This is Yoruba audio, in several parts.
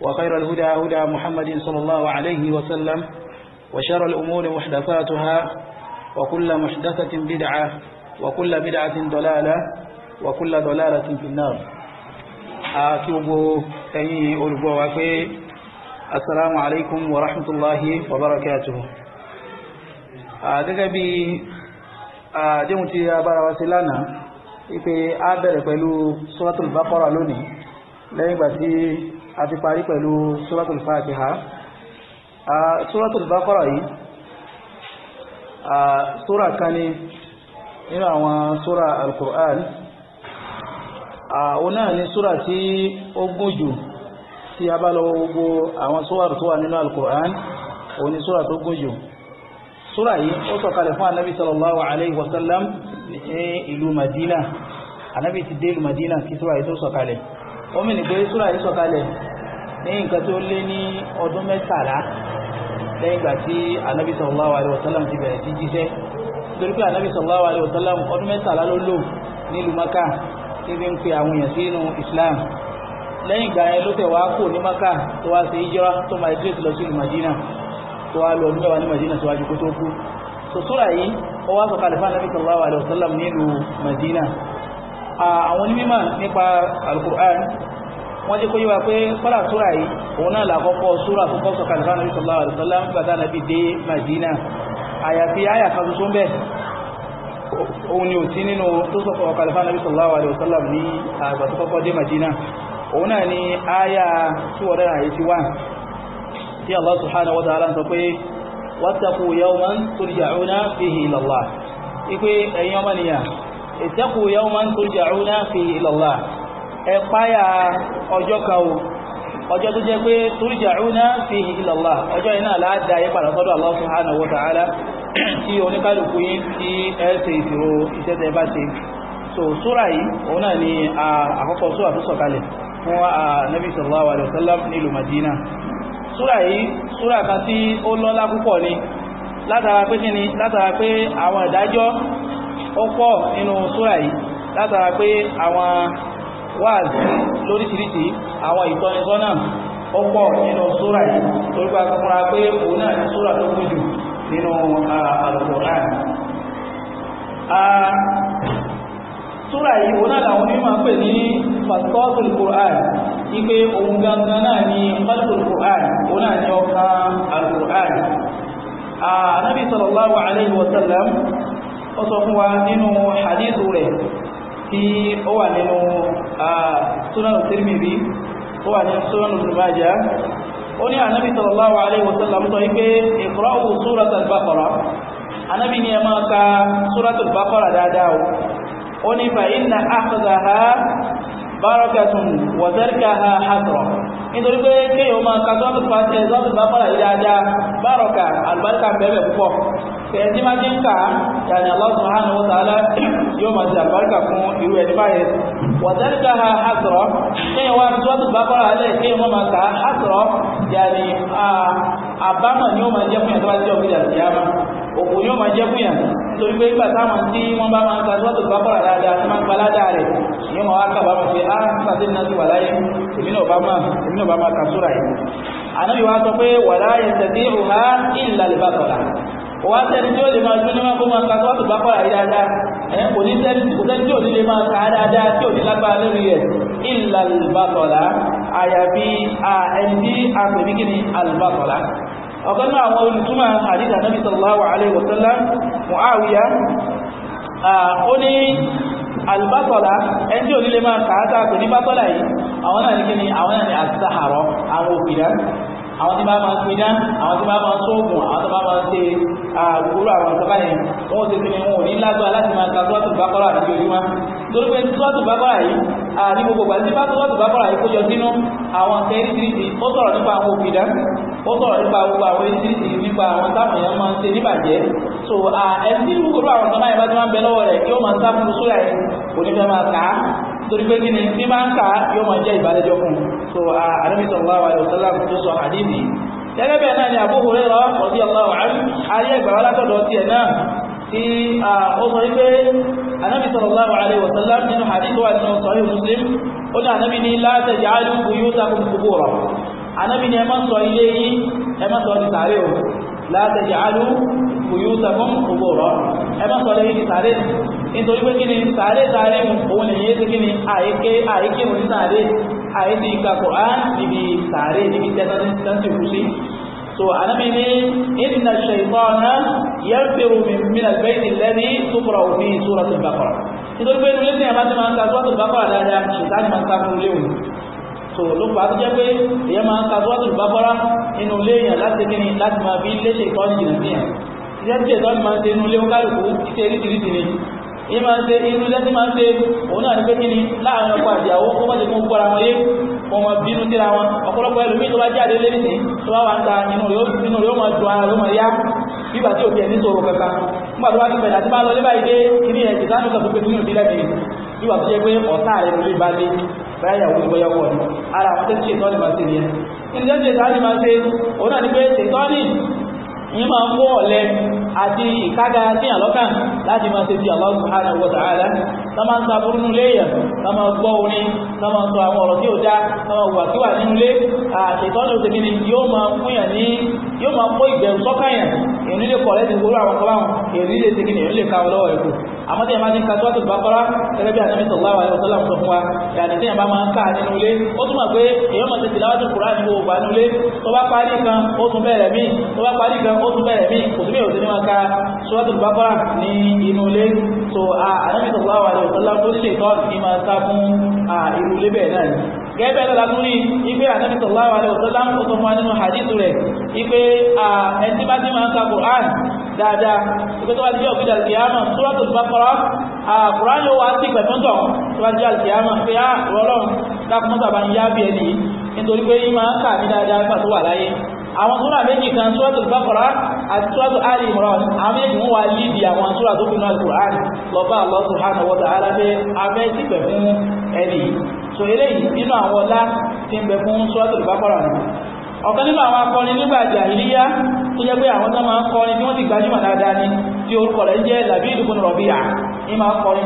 وخير الهدى هدى محمد صلى الله عليه وسلم وشر الأمور محدثاتها وكل محدثة بدعة وكل بدعة ضلالة وكل ضلالة في النار أكيبو أي ألبو السلام عليكم ورحمة الله وبركاته gẹ́gẹ́ bí àdéhùn tí a wa sí lánàá wípé a bẹ̀rẹ̀ pẹ̀lú suratul baqara lónìí lẹ́yìn ìgbà tí a ti parí pẹ̀lú suratul fatiha a suratul baqara yìí a sura kan ní nínú àwọn sura al-Qur'an a òun náà ni sura tí ó gùn jù tí a bá lọ gbogbo àwọn sura tó wà nínú al òun ni sura tó gùn jù yìí ó sọ̀kalẹ̀ fún anabi sallallahu alaihi wasallam ní ìlú madina anabi ti dé ìlú madina kí sura yìí tó sọ̀kalẹ̀ ó mìnì pé súrà yìí sọ̀kalẹ̀ ní nǹkan tó lé ní ọdún mẹ́tàlá lẹ́yìn ìgbà tí anábì sallallahu alaihi wasallam ti bẹ̀rẹ̀ sí jíṣẹ́ nítorí pé anábì sallallahu alaihi wasallam ọdún mẹ́tàlá ló lò nílùú maka tí ń pe àwọn èèyàn sínú islam lẹ́yìn ìgbà yẹn ló tẹ̀ wá kò ní maka tó wá ṣe hijira tó máa ṣe lọ sí ìlú madina tó wá lọ ọdún mẹ́wàá ní madina tó wá ju kó tó kú so súrà yìí ó wá sọ̀kalẹ̀ fún anábì sallallahu alaihi wasallam nílùú madina àwọn onímọ̀ nípa alukur'an wọ́n jẹ́ kó yíwa pé kọ́lá súra yìí òun náà làkọ́kọ́ súra tó kọ́ sọ̀kà nípa nàbí sallallahu alaihi wasallam gbàtà nàbí dé Madina àyàfi àyà kan tuntun bẹ́ẹ̀ òun ni ò sí nínú tó sọ̀kọ̀ kàlífà nàbí sallallahu alaihi wasallam ní àgbà tó kọ́kọ́ dé Madina òun náà ni àyà tí wọ́n dára yìí ti wà tí Allah subhanahu wa ta'ala sọ ẹ̀páyà ọjọ́ kan o ọjọ́ tó jẹ́ pé turja'una fihi ila Allah ọjọ́ iná láàdá yí padà sọ́dọ̀ Allah subhanahu wa ta'ala tí oníkálùkù onika tí ẹ ṣe ìṣòro bá ṣe so súra yìí òun náà ni àkọ́kọ́ súra tó sọ̀kalẹ̀ fún látara pé àwọn wáàzí lóríṣiríṣi àwọn ìtọ́nisọ́nà ó pọ̀ nínú súrà yìí torí bá fúnra pé òun náà ní súrà tó kú jù nínú Al-Qur'an súrà yìí òun náà làwọn onímọ̀ pè ní fasọ́ọ̀tù Qur'an ipe ohun gangan náà ni fasọ́ọ̀tù Qur'an òun náà ni ọkàn Al-Qur'an Ànábì sallallahu alaihi wa sallam ó sọ fún wa nínú hadithu rẹ̀ tí ó wà nínú sunanu tirmidhi ó wà nínú sunanu numaja ó ní ànábì sallallahu alaihi wasallam sọ wípé iqra'u surat al-baqara ànábì ni ẹ máa ka surat al-baqara dáadáa ó ní fa inna akhdaha barakatun wa tarkaha hasra nítorí pé kéèyàn máa ka sọ́ọ̀tù bá fara yìí dáadáa bárọ̀kà àlùbáríkà bẹ̀rẹ̀ púpọ̀ fẹ̀yẹ̀ tí máa ti ń kà á yàní Allah subhanahu wa ta'ala yóò máa ti àbáríkà fún irú ẹni báyẹn wàtẹ́ríkà ha hásọ̀rọ̀ kéèyàn wá tí wọ́n ti bá bọ́ra alẹ́ kéèyàn wọ́n máa kà á yàní àbámọ̀ ni ó máa jẹ́ fún yàtọ̀ àti ọ̀gbìn àti àmà òkú yóò máa jẹ́ fún yàn torí pé nígbà táwọn tí wọ́n bá máa ń tí wọ́n ti bá bọ́ra dáadáa tí máa ń yóò máa wá kábàámọ̀ pé á sàdé náà ti wà láyé èmi náà bá máa èmi náà bá máa kà sóra yìí ànábì wa sọ pé wàlá yẹn tẹ̀sí ìhùwà ìlàlẹ̀ bàtọ̀là wá sẹ́ni tí ó lè máa dúró máa kó máa ka sọ́ọ̀tù bá pàrà yí dáadáa ẹ̀ kò ní sẹ́ni kò sẹ́ni tí ò ní lè máa ka dáadáa tí ò ní lágbára lórí rẹ̀ ìlà àlùbátọ̀lá àyàfi ẹni tí a pè ní kíni àlùbátọ̀lá ọ̀kan náà àwọn olùtúmọ̀ àdìsá nàbì sallallahu alaihi Muawiya ó ní àlùbátọ̀lá ẹni tí ò ní lè máa ka àwọn tí bá máa ń pidá àwọn tí bá máa ń sóògùn àwọn tí bá máa ń ṣe àgbòrò àwọn ìjọba yẹn wọn ò ti fi wọn ò ní lágbára láti máa ka sọ́ọ̀tù bákọ́rà àti ojúmọ́ torí pé sọ́ọ̀tù bákọ́rà yìí àní gbogbo gbà tí bá sọ́ọ̀tù bákọ́rà yìí kó jọ sínú àwọn kẹ́rìtìrìtì ó sọ̀rọ̀ nípa àwọn òpìdá ó sọ̀rọ̀ nípa gbogbo àwọn ẹ̀sìtì nípa àwọn táwọn èèyàn máa ń ṣe níbàjẹ́ so ẹ̀sìn gbogbo àwọn ìjọba yẹn torí pé kí ni bí máa ń kà yóò máa jẹ́ ìbálẹ́jọ́ fún so Ànábì sallallahu alaihi wasallam tó sọ àdìsí gẹ́gẹ́ bẹ́ẹ̀ náà ni Abu Hurairah radiyallahu anhu ayé ìgbàwá látọ̀dọ̀ tiẹ̀ náà tí ó sọ wípé Ànábì sallallahu alaihi wasallam nínú àdìsí wà nínú sahih Muslim ó ní Ànábì ní la taj'alu buyutakum qubura Ànábì ní buyutakum qubura ẹ má sọ lẹ́yìn sàárè nítorí pé kini ni sàárè sàárè òun nìyẹn ti kí ni àìké àìké òun sàárè àìsí ìka Qur'an níbi sàárè níbi tẹ́tẹ́tẹ́tẹ́ kù sí so anabi ni na shaytana yanfiru min albayt alladhi tuqra fi surati al-baqara nítorí pé nílé tẹ̀yà bá ti máa ń ka suratul baqara dáadáa ṣùgbọ́n ti máa ń ka fún ilé òun so ló fà á tó jẹ́ pé èèyàn máa ń ka suratul baqara nínú ilé èèyàn láti kí ni láti máa fi léṣe ìtọ́jú ìrìnàjò iṣẹ́ tí ẹ̀tọ́ ni máa ń ṣe inú ilé oníkálùkù iṣẹ́ eríṣiríṣi ni yìí máa ń ṣe inú ilé tí máa ń ṣe òun náà ní pé kí ni láàrin ọkọ àtìyàwó kó má ṣe fún gbọ́ra wọn yé wọn máa bínú síra wọn ọ̀pọ̀lọpọ̀ ẹlòmíì tó bá jáde lé nìyí tó bá wà ń ta inú rẹ̀ ó máa dùn ara rẹ̀ ó máa yá bíbà tí òbí ní sọ̀rọ̀ kankan nígbà tó bá ti bẹ̀rẹ̀ àti bá lọ lébàá ìdé kìíní ẹ̀ tìtánù kan tó pé nínú ìdílé mi bíbà tó jẹ́ pé ọ̀tá rẹ̀ ló lè bá lé báyà ìyàwó ìgbọ́ ni ara àwọn tó ń ṣe máa ṣe nìyẹn kí ni tó ń ṣe ìtọ́ni máa ṣe òun náà ni pé ìtọ́ni ní máa ń kó ọ̀lẹ àti ìkága sí àlọ́kàn láti máa ṣe ti Allah subhanahu wa ta'ala tó máa ń sa burú nínú léèyàn tó máa gbọ́ orin tó máa sọ àwọn ọ̀rọ̀ tí ó dá tó máa wà kíwà nínú ilé àṣetọ́nù òṣèlú ni yóò máa fúnyàn ní yóò máa kó ìbẹ̀rù sọ́kàyàn èyí lè kọ̀ lẹ́sìn gbóró àwọn kọ́láwọn èyí lè ṣe kíni èyí lè ka ọlọ́wọ́ ẹ̀kọ́ àmọ́ tí a máa ti ń ka sọ́ọ̀tù bàkọ́rá gẹ́gẹ́ bí àtàmì sọ̀láwà ẹ̀rọ sọ́lá sọ fún wa a bá máa ń kà nínú ilé ó túmọ̀ pé èyí máa ti tìlá wájú kúrá nínú ògbà nínú ilé tó bá parí kan ó tún bẹ̀rẹ̀ míì tó ó tún bẹ̀rẹ̀ mí kò sí bí òsì ní wọn ka suratul baqara ní inú ilé so ànábì sallallahu alaihi wasallam tó ṣe ìtọ́ọ̀nù ní máa sá fún irú ilé bẹ́ẹ̀ náà gẹ́gẹ́ bẹ́ẹ̀ lọ́la tún rí ipe ànábì sallallahu alaihi wasallam ó sọ fún wa nínú hadith rẹ̀ ipe ẹtí bá ti máa ń ka Qur'an dáadáa ipe tó bá ti jẹ́ òfin al-qiyamah suratul baqara Qur'an ló wá sí ìgbẹ̀tọ́ntọ̀ tó bá ti jẹ́ al-qiyamah pé á ah, rọlọ́run dákúmọ́sàbá ń yá bí ẹni nítorí pé yín máa ń kà mí dáadáa nígbà tó wà láyé àwọn súra méjì kan súratul Baqara àti súratul Ali Imran àwọn méjì wọ́n wá àwọn súra tó fi náà Al-Qur'an lọ́ba Allah subhanahu wa ta'ala abẹ́ sì pẹ̀ fún ẹni so eléyìí nínú àwọn ọlá ti ń bẹ fún súratul Baqara nù ọ̀kan nínú àwọn akọrin nígbà jàhílíyà tó jẹ́ pé àwọn tó máa ń kọrin tí wọ́n ti gbajúmọ̀ dáadáa ni tí orúkọ rẹ̀ jẹ́ Labid ibn Rabi'a ní máa ń kọrin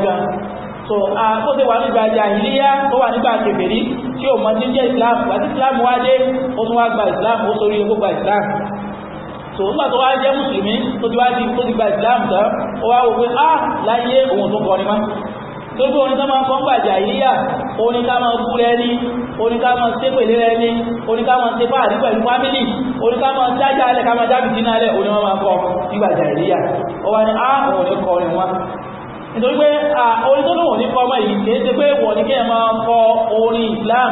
tí ò mọ tí jẹ́ islam àti islam wá dé ó tún wá gba islam ó sórí ogó gba islam tó nígbà tó wá jẹ́ mùsùlùmí tó ti wá di tó ti gba islam tán ó wá wò pé á láyé òun tó kọrin mọ́ gbogbo orin tó máa ń kọ́ ń gbàjà yíyà orin ká máa kú rẹni orin ká máa ṣe pèlè rẹni orin ká máa ṣe fáàrí pẹ̀lú fámìlì orin ká máa dájà alẹ́ ká máa dábìtì náà alẹ́ orin wọn máa kọ́ nígbàjà yíyà ó wá ní á òun ní kọrin wọn nítorí pé a tó lòun ní kọmọ yìí kìí ṣe pé wọ̀ ní kí ẹ máa kọ orin Islam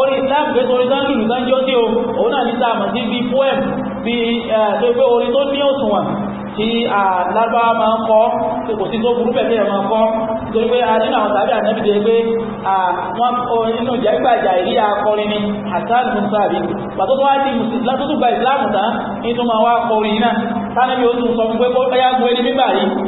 orin Islam pé torí sáńkì ìlú ó sí o òun náà ní sáàmù sí bí poem bí tó pé orin tó ní òṣùwọ̀n tí lágbá máa ń kọ kò sí tó burú pẹ̀lú ẹ̀ máa kọ nítorí pé a nínú àwọn tàbí ànábì dé pé wọ́n nínú ìjàgbàjà ìrí akọrin ni hasan musabi pàtó tó wá di látúntò gba ìsìláàmù tán ní tó máa wá kọrin náà tánàbí ó tún sọ fún pé ó yá gbé ní mímbà yìí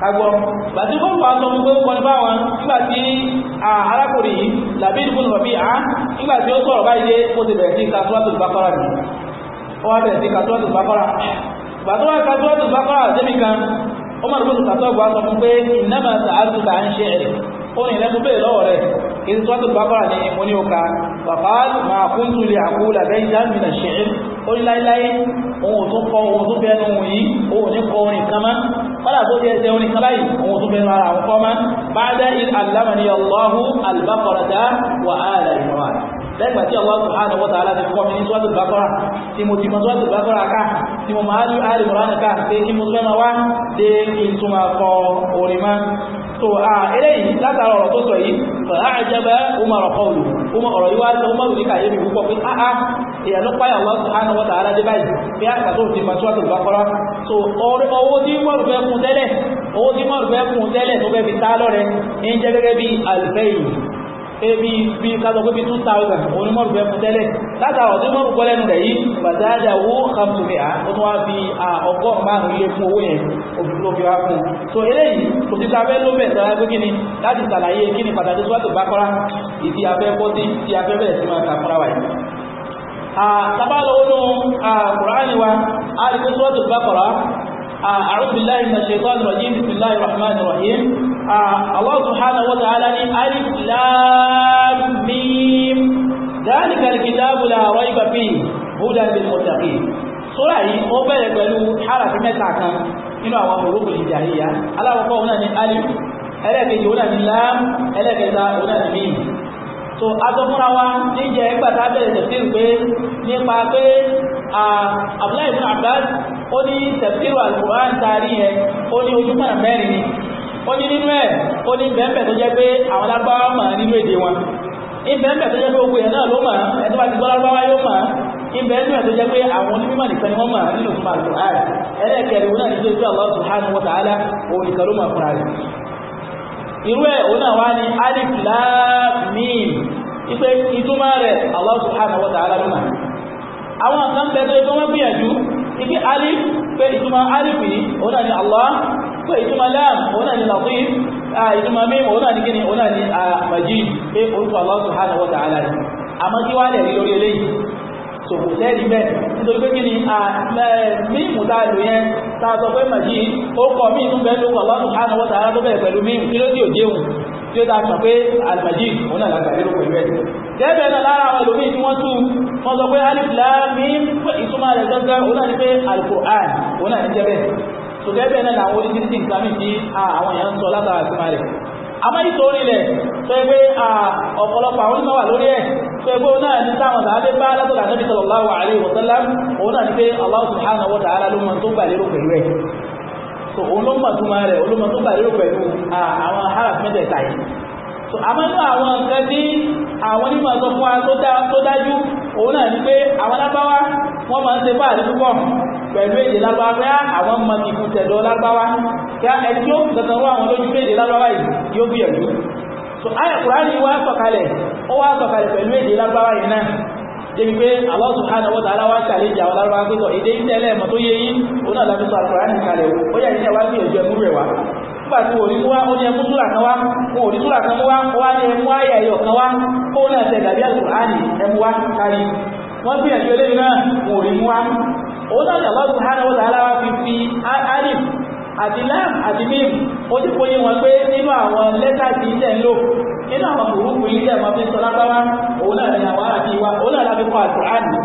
kagbọ́ bàtí fún wa sọ fún pé ó kọni báwọn nígbà tí arákùnrin yìí làbí ìdúgbò nù rọ̀bí à nígbà tí ó sọ̀rọ̀ báyìí dé ó ti bẹ̀rẹ̀ sí ka sọ́ọ̀tù bákọ́rà ni ó wá bẹ̀rẹ̀ sí ka sọ́ọ̀tù bákọ́rà bàtí wọ́n ka sọ́ọ̀tù bákọ́rà débi kan ó mọ̀ nígbà tó sọ fún pé ìnáma sàásù là ó ní ilẹ̀ múbẹ̀ lọ́wọ́ rẹ̀ ìdí tó tó bábára ní mo ní ọka bàbá máa kún tún lè àkú làbẹ́ ìdáàmì nà ṣe ó ní láíláí ohun tó kọ ohun tó bẹnu ohun yìí ohun ní kọ orin kan má kọ́lá tó jẹ́ ẹsẹ̀ orin kan báyìí ohun tó bẹnu ara àwọn kọ́ má bá dá il alámàní ọlọ́hu albákọ̀rọ̀dá wà áàlà ìmọ̀wà lẹ́gbà tí Allah subhanahu so ah, eléyìí látara ọ̀rọ̀ tó sọ yìí àjẹbẹ́ umar ọ̀kọ́ọ̀lù umar ọ̀rọ̀ yìí wá sọ umar ní kàyé mi púpọ̀ pé áá ah, ah, èèyàn ló páyà wá sọ hánà wọ́ta aládé báyìí bí àgbà tó ti máa so owó tí umar fẹ́ kún tẹ́lẹ̀ owó tí umar fẹ́ kún tẹ́lẹ̀ tó fẹ́ fi tá lọ́rẹ̀ ń jẹ́ gẹ́gẹ́ ebi bi kazo ko bi 2000 oni mo be mu tele lata o ti mo ko lẹ́nu rẹ̀ yìí badada wo khamsu mi'a o wa bi a ogo ma ru le fún owó yẹn o bi lo bi wa fún so eléyìí ko ti ta be lo be ta pe kíni láti ṣàlàyé kíni pàtàkì so to bakora ibi abe ko ti ti abe be ti ma ta fura wa yìí a tabalo onu a qur'ani wa ali ko so to bakora أعوذ بالله من الشيطان الرجيم بسم الله الرحمن الرحيم Ah, Allah subhanahu wa ta'ala ní alif lam mim dhalika al-kitabu la rayba fihi hudan lil muttaqin sura yìí ó bẹ̀rẹ̀ pẹ̀lú harafi mẹ́ta kan nínú àwọn ológun ìjàríyà aláwọ̀kọ́ òun náà ní alif ẹlẹ́kẹ̀ẹ́jì òun náà ní lam ẹlẹ́kẹ̀ẹ́ta òun náà ní mim so asọ́fúnra wa ní jẹ́ ìgbàta bẹ̀rẹ̀ tẹ̀síl pé nípa pé Abdullahi ibn Abbas ó ní tẹ̀síl al-Qur'an taari yẹn ó ní ojúmọ̀nà mẹ́rin ó ní nínú ẹ̀ ó ní bẹ́ẹ̀bẹ̀ tó jẹ́ pé àwọn lágbáwá mọ̀ nínú èdè wọn ìbẹ̀ẹ̀bẹ̀ tó jẹ́ pé ogun ẹ̀ náà ló mọ̀ ẹ̀ tó bá ti gbọ́ lágbáwá yóò mọ̀ ìbẹ̀ẹ̀bẹ̀ tó jẹ́ pé àwọn onímọ̀ nìkan ni wọ́n mọ̀ nínú fún àlùfáà ẹlẹ́ẹ̀kẹrin wọn náà ní tó jẹ́ Allah subhanahu wa ibi alif pé ìtumọ̀ alif yìí òun náà ni Allah pé ìtumọ̀ lam òun náà ni latif ìtumọ̀ mim òun náà ni kíni òun náà ni majid pé orúkọ Allah subhanahu wa ta'ala ni àmọ́ kí wàá lẹ̀ lórí eléyìí so kò sẹ́ẹ̀rí bẹ́ẹ̀ nítorí pé kí ni mímù tá lò yẹn tá sọ pé majid ó kọ mímù bẹ́ẹ̀ ló Allah subhanahu wa ta'ala tó bẹ̀rẹ̀ pẹ̀lú mímù kí ló dì òjéhùn tí ó dá gbà pé alìmọ̀jì òun náà lágbà lérò pẹ̀lú ẹ̀ gẹ́gẹ́ náà lára àwọn ìlòmí tí wọ́n tú wọ́n sọ pé alif lam mim ìtumọ̀ rẹ̀ gángan òun náà ni pé alquran òun náà ní jẹ́ bẹ́ẹ̀ so gẹ́gẹ́ náà làwọn oríṣiríṣi nǹkan mìí tí àwọn èèyàn ń sọ látara ìtumọ̀ rẹ̀ àmọ́ ìtòrí rẹ̀ tó pé ọ̀pọ̀lọpọ̀ àwọn onímọ̀ wà lórí ẹ̀ tó pé òun náà ní táwọn sàábé bá látọ̀lá Nabi sallallahu alaihi wasallam òun náà ní pé Allah subhanahu wa ta'ala ló mọ tó gbà lérò pẹ̀lú ẹ̀ so olóńgbà tó máa rẹ̀ olóńgbà tó gbàlérò pẹ̀lú àwọn haraf mẹ́tẹ̀ẹ̀ta yìí so àmọ́nú àwọn nǹkan tí àwọn onímọ̀ sọ fún wa tó dájú òun náà ni pé àwọn lábáwá wọ́n máa ń ṣe fáàrí púpọ̀ pẹ̀lú èdè lábáwá pé àwọn mọ ìkú tẹ̀dọ̀ lábáwá kí ẹni tí ó fi kankan wá àwọn lójú èdè lábáwá yìí yóò gbìyànjú so ayàkùrá ni wá sọ̀kalẹ̀ ó wá sọ̀kalẹ̀ pẹ̀lú èdè lábáwá yìí náà débi pé Allah subhanahu wa ta'ala wá kàlẹ́ ìjà wọn lárúbá pé tọ̀ èdè ìtẹ́lẹ̀ mọ̀ tó yé yín òun náà láti sọ àkùrá nìkan lẹ̀ ó yà ìṣẹ́ wá sí ẹ̀jọ́ ẹ̀mú rẹ̀ wá nígbà tí òní tó wá ó ní ẹmú súrà kan wá wọn ò ní súrà kan wá ó wá ní ẹmú ayé ẹ̀yọ̀ kan wá kó náà tẹ̀ dàbí àlùkùránì ẹmú wá kárí wọ́n gbìyànjú eléyìí náà wọn ò mú wá òun náà ní Allah subhanahu wa ta'ala wá fi fi alif àti lam àti mim ó ti fóyé wọn pé nínú àwọn lẹ́tà tí ilẹ̀ ń lò nínú àwọn òrùkù ilẹ̀ máa fi sọ lágbára òun náà ní àwọn àti ìwà fún àlùkùránì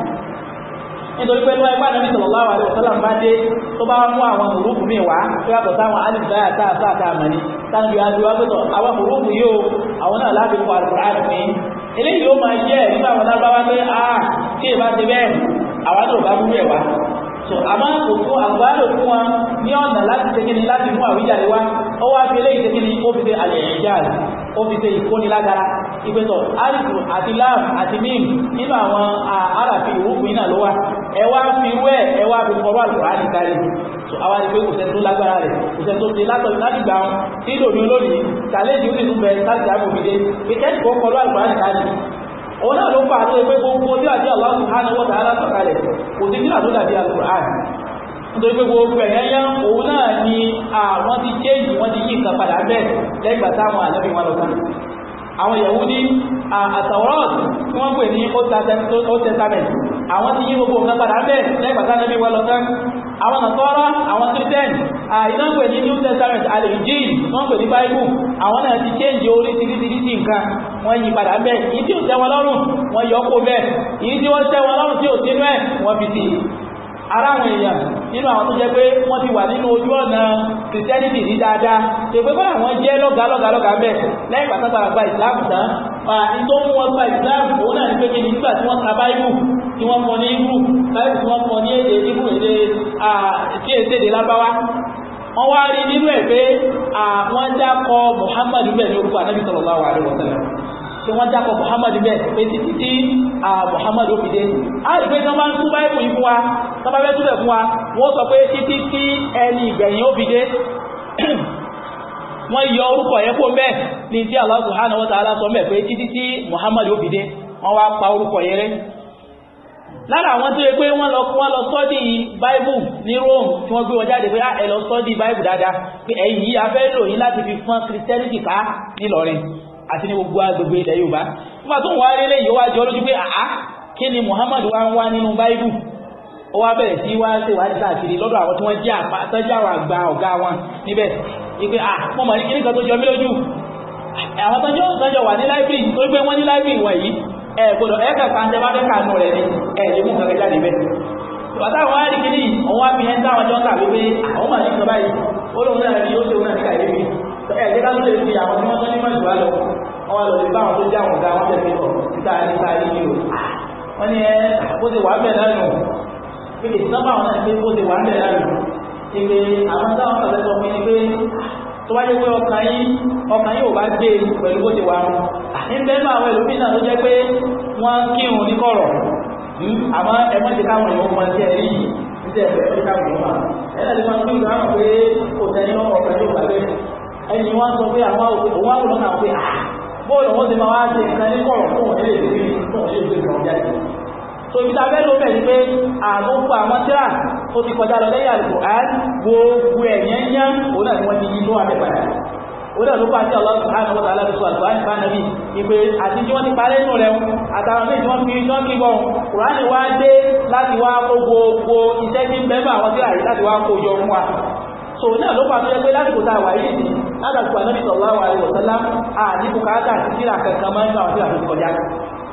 nítorí pé lọ́wọ́ ẹgbẹ́ ànábì sallallahu alaihi wasallam bá dé tó bá mú àwọn òrùkù mi wá tó yàtọ̀ sáwọn alìsáyà táàtà àtàmàní táàbí adúlá pẹ̀tọ̀ àwọn òrùkù yóò àwọn náà láti fún àlùkùránì ní eléyìí ó máa jẹ́ nígbà àwọn lábáwá pé a tí ì bá ti bẹ́ẹ̀ àwọn àdó bá rúrú ẹ̀ wá so àmọ́ kò fún àgbáàlò fún wa ní ọ̀nà láti tẹ́kíní láti mú àwíjàre wá ó wá fi eléyìí tẹ́kíní ó fi ṣe àlẹ́ ẹ̀jáàlì ó fi ṣe ìkónilágara ìpẹ́tọ̀ alifu àti lam àti mim nínú àwọn àràfi ìwúkù iná ló wà ẹwà fi wẹ́ ẹwà fi kọ̀rọ̀ àlùkùránì kárí so àwọn àti pé kò sẹ́ni tó lágbára rẹ̀ kò sẹ́ni tó ti látọ̀ láti gbà wọn tí lòmí olónìí challenge ó sì tún bẹ láti dáàbò mi dé pé kẹ́ni kò kọ̀rọ̀ àlùkùránì kárí òun náà ló fà á tó pé gbogbo tí àti àwọn subhanahu wa ta'ala sọ̀kalẹ̀ kò sí nílà tó dàbí àlùkùránì nítorí pé gbogbo ẹ̀yẹ́ yá òun náà ni àwọn ti chéjì wọ́n ti yí nǹkan bẹ́ẹ̀ lẹ́gbàá táwọn àlẹ́bí wọn lọ àwọn Yahudi àtàwọ́rọ̀t tí wọ́n pè ní Old Testament àwọn tí yí gbogbo nǹkan padà ń bẹ̀ lẹ́gbàtà nẹ́bí wà lọ́tán àwọn nàtọ́rọ́ àwọn Christian àìná pè ní New Testament alèjìn wọ́n pè ní Bible àwọn náà ti change orí ti títí títí nǹkan wọ́n yí padà ń bẹ̀ ìdí ò tẹ́wọn lọ́rùn wọ́n yọ kó bẹ́ẹ̀ ìdí wọ́n tẹ́wọn lọ́rùn tí ò sínú ẹ̀ wọ́n fi sí ara àwọn èèyàn nínú àwọn tó jẹ́ pé wọ́n ti wà nínú ojú ọ̀nà christianity ní dáadáa tèpé bá àwọn jẹ́ lọ́gàá lọ́gàá lọ́gàá bẹ́ẹ̀ lẹ́yìn pàtàkì àgbà islam tán pa tó mú wọn gba islam òun náà ní pé kíni nígbà tí wọ́n ka báyìí tí wọ́n kọ ní ibú báyìí tí wọ́n kọ ní èdè ibú èdè tí èsè èdè lábáwá wọ́n wá rí nínú ẹ̀ pé àwọn dákọ̀ muhammadu bẹ́ẹ̀ ní orúkọ anábì sallallahu alaihi pé wọ́n jákọ̀ Muhammad bẹ́ẹ̀ pé títí tí Muhammad ó fi dé bá ń tú báyìí fún wa tí bá fẹ́ túbẹ̀ fún wa wọ́n sọ pé títí tí ẹni ìgbẹ̀yìn ó fi wọ́n yọ orúkọ yẹn kó mẹ́ ní tí Allah subhanahu wa ta'ala sọ mẹ́ pé títí tí Muhammad ó fi wọ́n wá pa orúkọ yẹn rẹ́ lára àwọn tó yẹ pé wọ́n lọ wọ́n lọ sọ́dí báíbù ní Rome tí wọ́n gbé wọn jáde pé ah, ẹ lọ sọ́dí báíbù dáadáa pé ẹ̀yìn yìí a fẹ́ láti fi fọ́n Christianity ká nílọrin àti ní gbogbo agbègbè ilẹ̀ Yorùbá nígbà tó ń wá rí léyìí ó wá jọ lójú pé àá kí ni Muhammad wá ń wá nínú báíbù ó wá bẹ̀rẹ̀ sí wá ṣèwádìí káàkiri lọ́dọ̀ àwọn tí wọ́n jẹ́ àpá tọ́jà wà gba ọ̀gá wọn níbẹ̀ ìpè à mo mọ̀ ní kíní kan tó jọ mí lójú àwọn tọ́jọ́ tọ́jọ́ wà ní láìbírì tó gbé wọ́n ní láìbírì wọ̀nyí ẹ gbọ́dọ̀ ẹ kà kan jẹba fẹ́ kànú rẹ̀ ni ẹ lè mú kankan jáde bẹ́ẹ̀. àtàwọn á rí kíní òun á fi ẹ́ ń táwọn jọ ń kà wípé àwọn mọ̀ ní kan báyìí ó lóun náà rí ó ṣe òun náà ní kàyéfì ẹ̀jẹ̀ ká tó lè fi àwọn tí wọ́n tó ní mọ̀jú wá lọ àwọn lọ lè bá àwọn tó jẹ́ àwọn ọ̀gá wọn tẹ̀ fi tọ̀ níta níta yìí o wọ́n ní ẹ kó ti wà bẹ̀ lánàá pé kì í sábà àwọn náà pé kó ti wà bẹ̀ lánàá ìpè àwọn táwọn kàlẹ́ sọ fún mi pé tó bá jẹ́ pé ọkàn yín ọkàn yín ò bá gbé pẹ̀lú bó ti wà rún níbẹ̀ náà àwọn ìlú mìíràn tó jẹ́ pé wọ́n kírun ní kọ̀rọ̀ hmm? àmọ́ ẹ má ti káwọn èèyàn mọ sí ẹ̀rí yìí ní tẹ̀ káwọn èèyàn mọ̀ ẹ̀ náà ti máa ń gbé ìgbà hàn pé kò tẹ́ ní ọkàn yóò gbà bẹ́ẹ̀ ẹni wọ́n sọ pé àwọn òun wá lọ́nà pé à ah, bóòlù wọ́n ti máa wá ṣe nǹkan ní kọ̀rọ̀ fún òun nílé ìdílé fún òun nílé ìdílé ọ̀gá ìdílé so ibi tá ló bẹ̀ ni pé àgbókò àwọn tíra tó ti kọjá lọ lẹ́yìn àlùkò á gbogbo ẹ̀yẹn yán òun náà ni wọ́n ti yí tó wà bẹ̀ padà orí ọ̀lọ́pàá àti ọlọ́pàá subhanahu wa ta'ala sọ àlùkò àyìnbá ìpè àti tí wọ́n ti parẹ́ so náà ló pàtó ẹgbẹ́ lásìkò tá a wà yìí látàkùn ànábì sallallahu alaihi wasallam àdínkù káàkà síra kankan máa ń gbà síra tó kọjá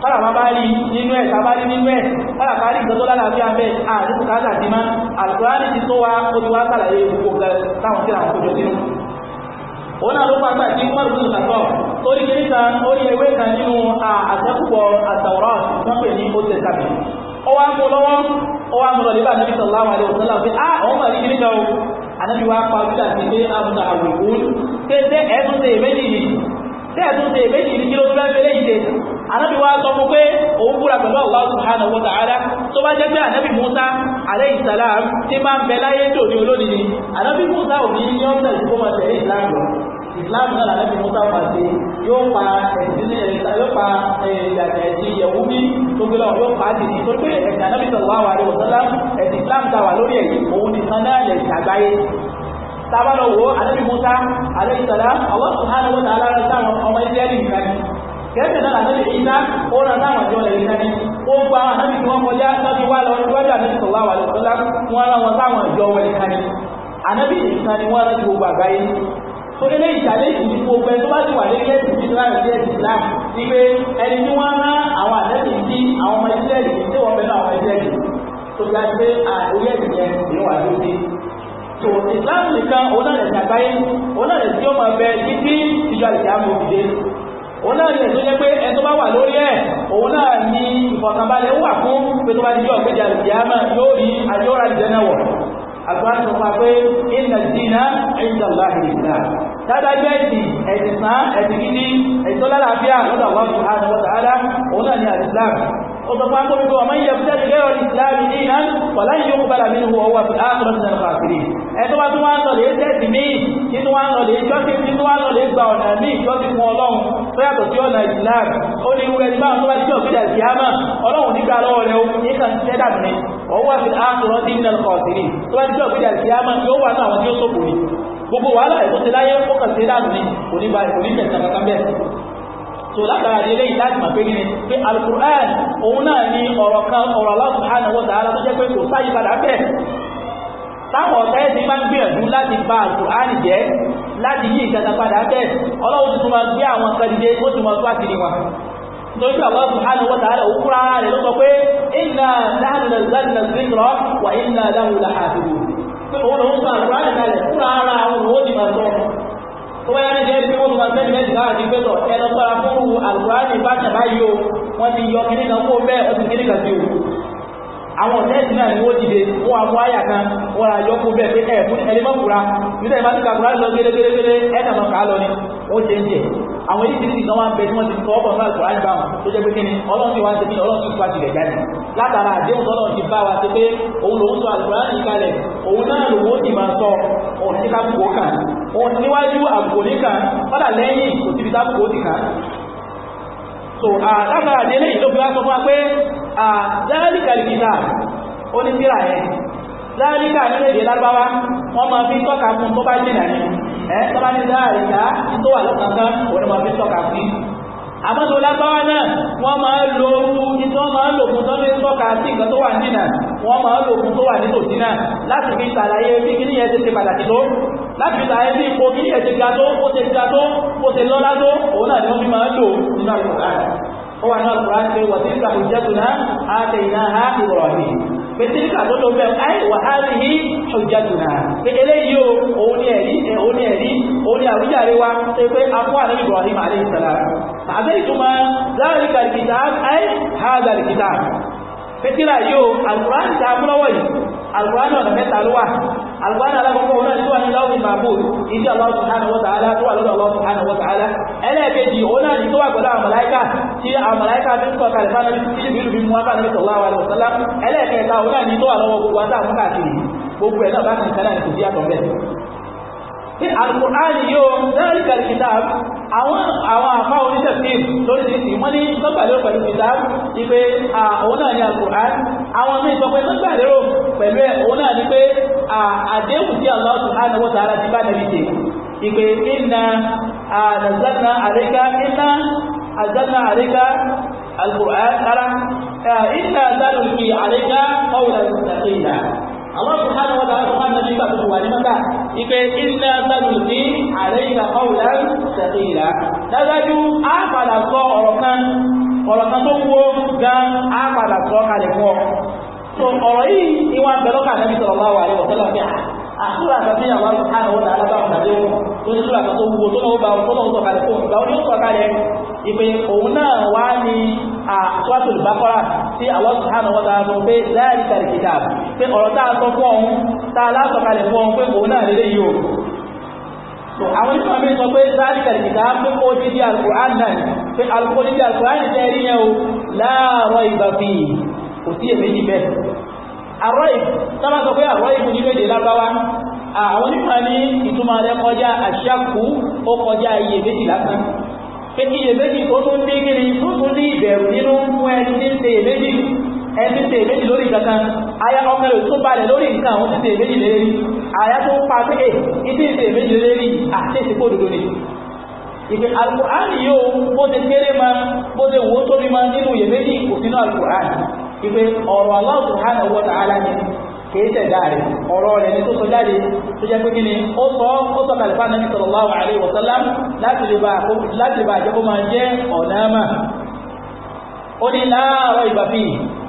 kọ́lá máa bá rí nínú ẹ̀ tàbá rí nínú ẹ̀ kọ́lá ká rí ìgbẹ́tọ́ lálàáfíà bẹ́ àdínkù káàkà sí má Al-Qur'ani ti tó wa ó ti wá sàlàyé gbogbo gan táwọn síra àwọn kójọ sínú òun náà ló pàtó àti mọ́rù nínú sàtọ̀ ó rí kiri kan ó rí ewé kan nínú àtẹ́kùpọ̀ àtàwọ̀rọ̀ wọ́n pè ní ó ti sàbí ó wá mú lọ́wọ́ ó wá mú lọ anábì wá pa ojú àti pé àbùdá àwòrán pé ṣé ẹ̀ẹ́dún ṣe èméjì ni ṣé ẹ̀ẹ́dún ṣe èméjì ni kí ló fẹ́ fẹ́ léyìí ṣe anábì wá sọ fún pé òun búra pẹ̀lú Allah subhanahu wa ta'ala tó bá jẹ́ pé anábì Musa alayhi salam ti máa ń bẹ láyé tòní olónìí ni anábì Musa ò ní ní ọ́sẹ̀ ìfowópamọ́ tẹ̀lé ìlànà ìsìláàmù náà làbẹ́ fún mọ́tà wà sí yóò pa ẹ̀sìn yóò pa ìyàtọ̀ ẹ̀sìn yẹ̀wú bí tó gbé lọ yóò pa á dìní tó pé ẹ̀sìn anábìsọ̀ wà wà lórí ọ̀sán ẹ̀sìn ìsìláàmù ta wà lórí ẹ̀yìn òun nìkan náà lẹ̀sìn àgbáyé tábàlọ̀ wo anábì Musa alayhi salam àwọn sùhánù wọn tààlà rẹ̀ sáwọn ọmọ Ísírẹ́lì nìkan ni kẹ́sì náà làbẹ́ ìyíná ó ràn sáwọn àjọ rẹ̀ nìkan ni ó gba àwọn anábì tí wọ́n kọjá lọ́dún wá lọ lọ́dún anábìsọ̀ wà wà lọ́sọ́lá wọn rán wọn sáwọn àjọ wọn nìkan ni anábì nìkan ni wọ́n rán gbogbo àgbáyé tó lélẹ́ ìṣàlẹ̀ ìdí gbogbo ẹni tó bá ti wà lórí ẹ̀sìn tí wọ́n rí ẹ̀sìn islam ni pé ẹni tí wọ́n rán àwọn àtẹ́sì sí àwọn ọmọ ìsírẹ́lì tí wọ́n bẹ̀rẹ̀ àwọn ìsírẹ́lì tó bí a ti pé àórí ẹ̀sìn yẹn ni wà ló tó islam nìkan òun náà lẹ̀sìn àgbáyé òun náà lẹ̀sìn tí ó máa bẹ títí ìjọ àlìjá mọ̀ òdìdé òun náà lè tó jẹ́ pé ẹni tó bá wà lórí ẹ̀ òun náà ni ìfọ̀kànbalẹ̀ wà fún pé tó bá ti jọ ọ̀gbẹ́jà àlìjá yóò rí àjọ́ra ìjẹ́nà القرآن المعظيم إن الدين عند الله الإسلام dáadáa jẹ́ ẹ̀sìn ẹ̀sìn sàn ẹ̀sìn gidi ẹ̀sìn tó lálàáfíà lọ́dọ̀ àwọn ọ̀sùn àti ọ̀sùn àdá òun náà ni àdìsílám ó sọ fún akóbí pé ọmọ yẹ fún tẹ́lẹ̀ lẹ́rọ ní ìsìláàmì ní iná wọ̀lá yìí yóò bára mi wọ ọwọ́ àfihàn àkọlọ́ ti nàfà kiri ẹ̀tọ́ wa tún wá ń lọ lè tẹ́sì mí nínú wa ń lọ lè jọ́sí nínú wa ń lọ lè gba ọ̀nà mí ìjọ́sí fún ọlọ́run tó yàtọ̀ sí ọ̀nà ìsìláàmì ó ní wúrẹ́ nígbà tó bá ti jọ́ fìdà sí àmà ọlọ́run nígbà lọ́wọ́ rẹ̀ ó ní kàn tẹ́ dàbí ni ọwọ́ àfihàn àkọlọ́ ti nàfà kiri tó bá ti jọ́ fìdà sí àmà yóò wà náà àwọn tí ó sọ̀kù ni gbogbo wàhálà ẹ̀ tó ti láyé ó kàn sí láàrú ni kò ní ba kò ní tẹ̀sán kankan bẹ́ẹ̀ so látara di eléyìí láti mọ̀ pé kí ni pé alukur'an òun náà ni ọ̀rọ̀ kan ọ̀rọ̀ Allah subhanahu wa ta'ala tó jẹ́ pé kò sáyé padà bẹ́ẹ̀ táwọn ọ̀tá ẹ̀sìn máa ń gbìyànjú láti ba alukur'an jẹ́ láti yí ìkẹta padà bẹ́ẹ̀ ọlọ́run tuntun máa gbé àwọn kan dìde ó sì máa tó àtìrí wọn nítorí pé Allah subhanahu wa ta'ala òun fúnra rẹ̀ ló sọ pé inna nahnu nazzalna dhikra wa inna lahu lahafidun pé òun lòun sọ àgbà nìkalẹ̀ fúnra ara àwọn òun ó di máa sọ tó bá yá ní jẹ́ pé wọ́n tó máa fẹ́ nílẹ̀ ìdáhà ti pẹ́tọ̀ ẹnu fún àgbà ní bá tàbá yìí o wọ́n ti yọ kíníkan kó bẹ́ẹ̀ ọtí kíníkan sí o àwọn ọ̀tẹ́ẹ̀lì náà ni wọ́n dìde wọ́n àwọn àyà kan wọ́n ra yọ kó bẹ́ẹ̀ pé ẹ̀ fún ẹni mọ́kùnra nígbà ìbá ti kàkùnrà lọ gẹ́gẹ́gẹ́gẹ́ ẹ̀nà mọ̀ kàá lọ ni wọ́n ṣe ń jẹ àwọn èyí títí kan wá ń bẹ tí wọ́n ti kọ́ ọ̀pọ̀ náà kùrá nígbà tó jẹ́ pé kí ni ọlọ́run ti wá ṣe kí ọlọ́run ti pàṣẹ rẹ̀ jáde látara àdéhùn tọ́lọ́run ti bá wa ṣe pé òun lòun sọ àlùkùrá ní kalẹ̀ òun náà lòun ó sì máa sọ òun ní ká kúkó kàn òun níwájú àbùkù níkà fọ́dà lẹ́yìn kò síbi tá kúkó ti kàn so ah, látara délé yìí ló fi wá sọ fún wa pé ah, dáríkà lìkìtà ó ní síra ẹ̀ dáríkà nílé èdè lágbára wọ́n máa fi tọ́ka fún tó bá jìnà ní ẹ̀ tọ́ba ní dáríkà tó wà lọ́kàn kan òun fi tọ́ka fún àmọ́tò lágbáwá náà wọ́n máa ń lo ooru ní tí wọ́n máa ń lò fún tọ́lé tọ́ka sí nǹkan tó wà nínà wọ́n máa ń lò fún tó wà nítòsí náà láti fi ṣàlàyé bí kí níyẹn ti ṣe pàtàkì tó láti fi ṣàlàyé bí ipò kí níyẹn ti ga tó ó ti ga tó ó ti lọ́lá tó òun náà ni wọ́n fi máa ń lò nínú àlùkò náà ó wà ní àlùkò náà pé wọ́n ti ń gbà pé tíríkà tó lọ bẹ́ẹ̀ ayé wàhálì ní ṣòjàdùnà pé eléyìí o òun ni ẹ̀rí òun ni ẹ̀rí òun ni àwíjàre wa ṣe pé afọ Ibrahim alayhi salam ìtumọ̀ láàrin kàlìkìtà ayé hàgàlìkìtà pé tíra yìí o àlùkùránì tàbí yìí alùpùpù ọ̀nà mẹ́ta ló wà alùpùpù alákọ̀ọ́kọ́ òun náà ní tó wà ní láwùmí bàbú ìdí Allah subhanahu wa ta'ala tó wà lọ́dọ̀ Allah subhanahu wa ta'ala ẹlẹ́ẹ̀kejì òun náà ní tó wà pẹ̀lú àwọn màláíkà tí àwọn màláíkà fi ń sọ kalẹ̀ fún anábì tí ìbílù fi mú wá fún anábì sallallahu alaihi wasallam ẹlẹ́ẹ̀kẹta òun náà ní tó wà lọ́wọ́ gbogbo àti àwọn káàkiri gbogbo ẹ̀ náà bá kàn kálá ní kò sí àtọ̀ bẹ́ẹ̀ tí alùpùpù yóò dáríkà kitab àwọn àwọn àfá onítẹ̀sìn lórí títì wọ́n ní gbọ́gbàlérò pẹ̀lú kitab ìpé àwọn náà ní alùpùpù àwọn mí sọ pé gbọ́gbàlérò pẹ̀lú ẹ̀ òun náà ni pé àdéhùn tí Allah subhanahu wa ta'ala ti bá nàbí ṣe ìpè inna àdàzánà àríká inna àdàzánà àríká al-Qur'an rárá inna àdàlùkì àríká qawlan thaqila so ọ̀rọ̀ yìí ni wọ́n bẹ lọ́kà nẹ́bí sọ̀rọ̀ láwà rẹ̀ ọ̀tọ́lá fi àṣúra kan tí àwọn àlùkánà wọn dáadáa bá pàdé wọn tó ní ṣúra kan tó wúwo tó náà bá wọn tó náà sọ̀kalẹ̀ fún ìgbà wọn ni ó sọ̀kalẹ̀ ìpè òun náà wá ní àtúwàtò ìbákọ́ra tí àwọn àlùkánà wọn dáadáa sọ pé láàrín kàrí kìtà pé ọ̀rọ̀ tá a sọ fún ọ̀hún tá a lásọ̀kalẹ̀ fún ọ̀hún pé òun náà lélẹ̀ yìí o so àwọn onímọ̀ mi sọ pé láàrín kàrí kìtà pé kó dídí alukóhánà pé alukóhánà tẹ́ẹ̀rí yẹn o láàárọ̀ ìgbà fìyì kò sí èméjì bẹ́ẹ̀ àrọ́ì sábà sọ pé àrọ́ì kò nílò èdè lábáwá àwọn onímọ̀ ní ìtumọ̀ rẹ̀ kọjá àṣàkù ó kọjá iyèméjì lásán pé iyèméjì ó tún ní kí ni ó tún ní ìbẹ̀rù nínú fún ẹni tí ń ṣe iyèméjì ẹni tí ń ṣe iyèméjì lórí kankan aya ọmọ rẹ̀ tó balẹ̀ lórí nǹkan àwọn eh, tí ń ṣe iyèméjì lérí aya tó ń pa pé ẹ ìdí ń ṣe iyèméjì lérí àti ìsìnkú òdodo ni ìpè alukur'an yóò bó ti kéré ma bó ti wò tóbi ma nínú iyèméjì òsínú alukur'an ìpè ọ̀rọ̀ Allah subhanahu wa ta'ala ni kìí tẹ̀dá rẹ̀ ọ̀rọ̀ rẹ̀ ní tó sọ jáde tó jẹ́ pé kí ni ó sọ ó sọ kàlùfà náà ní sallallahu alaihi wa sallam láti lè bá àjẹ́kó máa jẹ́ ọ̀nàmà ó ní láàárọ̀ ìbàfí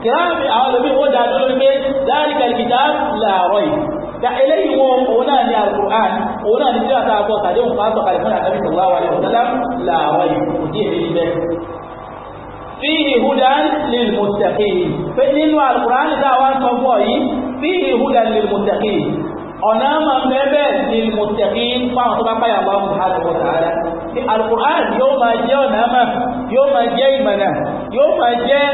kìláàmì àwọn olómi ó dáa lórí pé dhalika al-kitab la rayb eléyìí wọn òun náà ní al òun náà ní tí wàá sáà bọ̀ tàdé òun fàá sọ kàlùfà náà ní sallallahu alaihi wa sallam la kò fihi hudan lil muttaqin pé nínú alukurani tá a wá ń sọ fún ọ yìí fihi hudan lil muttaqin ọ̀nà àmà bẹ́ẹ̀ lil muttaqin fáwọn tó bá pààyà wà fún àdúgbò sàárà ti alukurani yóò máa jẹ́ ọ̀nà àmà yóò máa jẹ́ ìmọ̀nà yóò máa jẹ́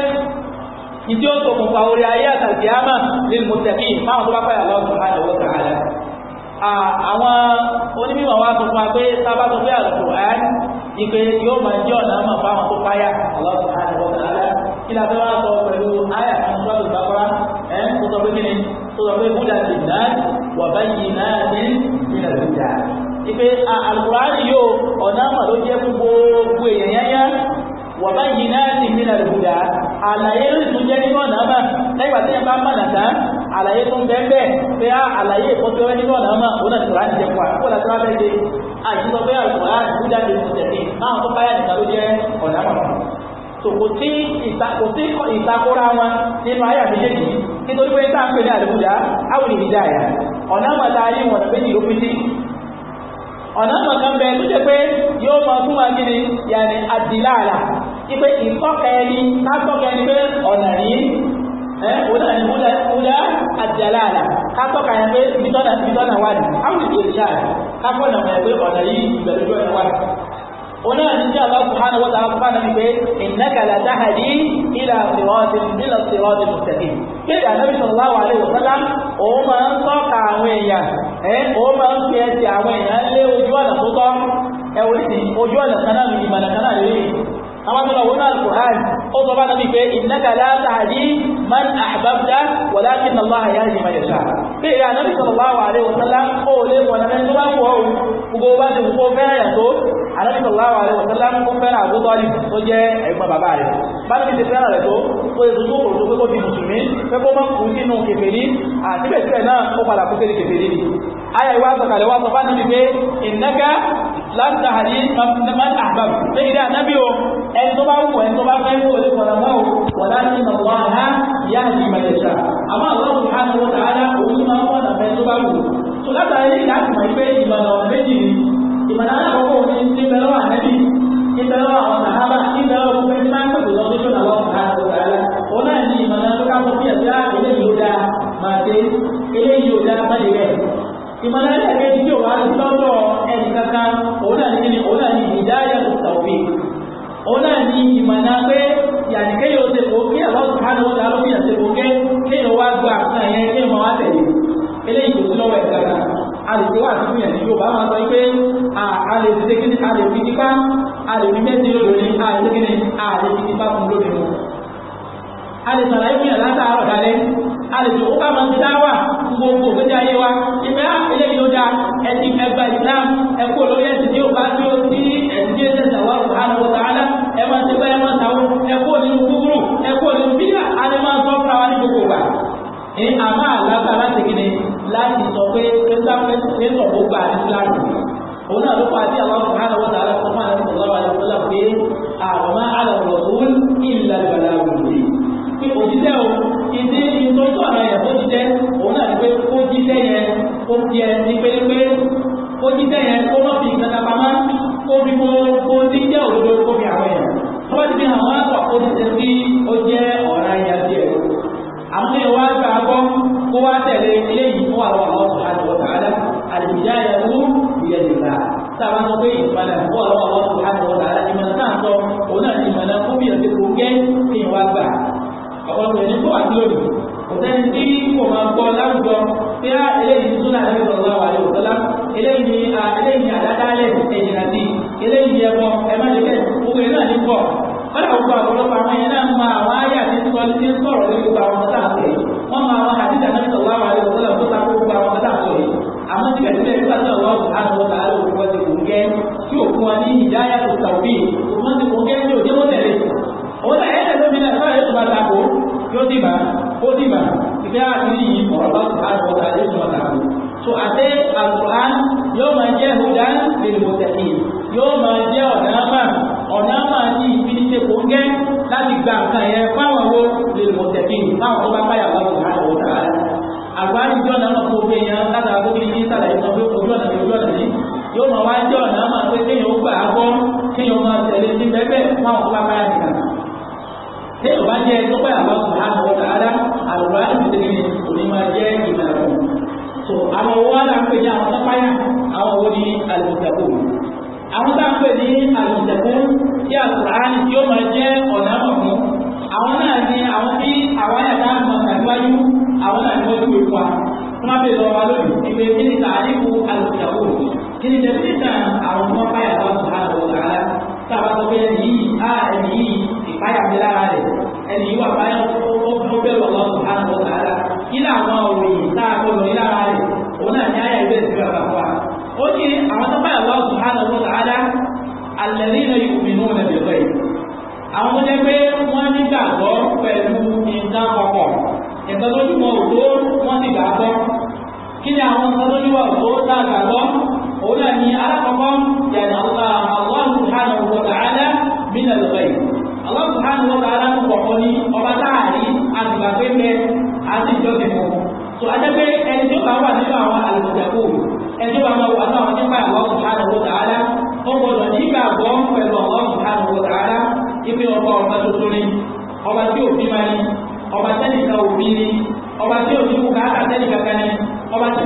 ìdí òṣòkùnfà orí ayé àtàkì àmà lil muttaqin fáwọn tó bá pààyà wà fún àdúgbò sàárà àwọn onímọ̀ wa sọ fún wa pé sábà sọ pé Al-Qur'an ni pé yóò máa jẹ́ ọ̀nà mọ̀ fáwọn tó páyà Allah subhanahu wa ta'ala kí la fẹ́ wá sọ pẹ̀lú àyà kan tó lọ́dún bàbá ẹ̀ tó sọ pé kí ni tó sọ pé búdà lè dá wà báyìí náà ní ìlà ìjà ìpè Al-Qur'an yóò ọ̀nà mọ̀ ló jẹ́ fún gbogbo èèyàn yányá wà báyìí náà ní ìlà ìjà àlàyé ló ti àlàyé tó ń bẹ́ẹ̀ bẹ́ẹ̀ pé á àlàyé ìfọ́síwẹ́ nínú ọ̀nà ọmọ òun náà ti rà ní jẹ́ pọ̀ àkókò láti rà bẹ́ẹ̀ ṣe àti sọ pé àlùkò láti kú jáde ní tẹ̀lé báwọn tó báyà nìkan ló jẹ́ ọ̀nà àmọ̀ so kò sí ìtakora wọn nínú ayé àbíjèjì nítorí pé tá à ń pè ní àlùkùdá àwọn ìdíjà yà ọ̀nà àmọ̀ tá a wọn méjì ló pín sí ọ̀nà àmọ̀ kan bẹ tó jẹ́ pé yóò máa fún wa gidi yàní àdìláàlà ipe ìtọ́kẹ́ ẹni ká tọ́kẹ́ ẹni pé ọ̀là ni ọ̀là àjàláàlà kátọ́ka yẹn pé bitọ́nà bitọ́nà wà ní áwùjọ ìṣá kápọ̀ nà mọ̀ pé ọ̀nà yìí ìgbẹ̀lójú ọ̀nà wà ní. ọ̀nà ni tí a bá kú hánà wọ́n tàbí fún mi pé innaka la tahdi ila siratin ila siratin mustaqim. kéde ànábì sallallahu alaihi wasallam òun máa ń tọ́ka àwọn èèyàn ẹ̀ òun máa ń fi ẹsẹ̀ àwọn èèyàn lé ojú ọ̀nà tó tọ́ ẹ̀ ojú ọ̀nà kanáà ní ìmọ̀nà kanáà lórí àwọn tó lọ wọ́n náà Al-Qur'an ó sọ bá nàbí pé innaka la tahdi man ahbabta walakinna Allaha yahdi man yasha pé ìrẹ́ ànábì sallallahu alaihi wasallam ó lè wọ̀n náà tó bá wù ọ́ gbogbo bá ti kó fẹ́ràn yàtọ̀ ànábì sallallahu alaihi wasallam kó fẹ́ràn Abu tó jẹ́ ẹ̀gbọ́n bàbá rẹ̀ bá ti ti fẹ́ràn rẹ̀ tó ó yẹ tuntun kò tó pé kó ti mùsùlùmí pé kó má sínú kèfèrí àtibẹ̀síbẹ̀ náà láti àdí mọ́tí àbáb pé ilé ànábì o ẹni tó bá wù ẹni tó bá fẹ́ wò lè fọ̀nà mọ́ o wọ́n láti nà wọ́n á yá àti ìmọ̀lẹ̀ṣà àmọ́ àwọn ọ̀hún á lọ́wọ́ tààrà òun máa ń wọ̀nà fẹ́ tó bá wù tó látàrí láti mọ̀ pé ìmọ̀nà méjì ni ìmọ̀nà alákọ̀ọ́kọ́ ni ti bẹ lọ́wọ́ ànábì ti bẹ lọ́wọ́ sàhábà ti bẹ lọ́wọ́ pé máa ń pèsè kan òun náà ní kíni òun náà ní ìdáyà tawfiq òun náà ní ìmọ̀nà pé yàtí kéèyàn ó ṣe kó kí àwọn sùpánù ó dáa lóbi àti ìwòkè kéèyàn wá gba àkàn yẹn kéèyàn máa wá tẹ̀lé eléyìí kò sí lọ́wọ́ ẹ̀ka kan a lè ṣe wá àtúntò yẹn ní Yorùbá máa sọ pé a lè ṣe kíni a lè fi tipa a lè fi mẹ́sìn lóbìnrin a lè ṣe kíni a lè fi tipa fún lóbìnrin a lè sàlàyé fún yàrá látàárọ̀ dalẹ́ a eléyìí ló dáa ẹtì ẹgbà islam ẹkú olórí ẹtì tí ó bá tí ó sí ẹtì tí ó ṣe ṣàwá subhanahu wa ta'ala ẹ máa ṣe bá ẹ máa ṣàwọ ẹkú nínú kúkúrú ẹkú nínú bíyà á ní máa sọ fún wa ní gbogbo gbà. ní àmà àlágbà láti kìíní láti sọ pé kí sọ gbogbo àti islam òun náà ló pa àti àwọn subhanahu wa ta'ala fún àwọn sallallahu alaihi wasallam pé àrùn máa àlọ́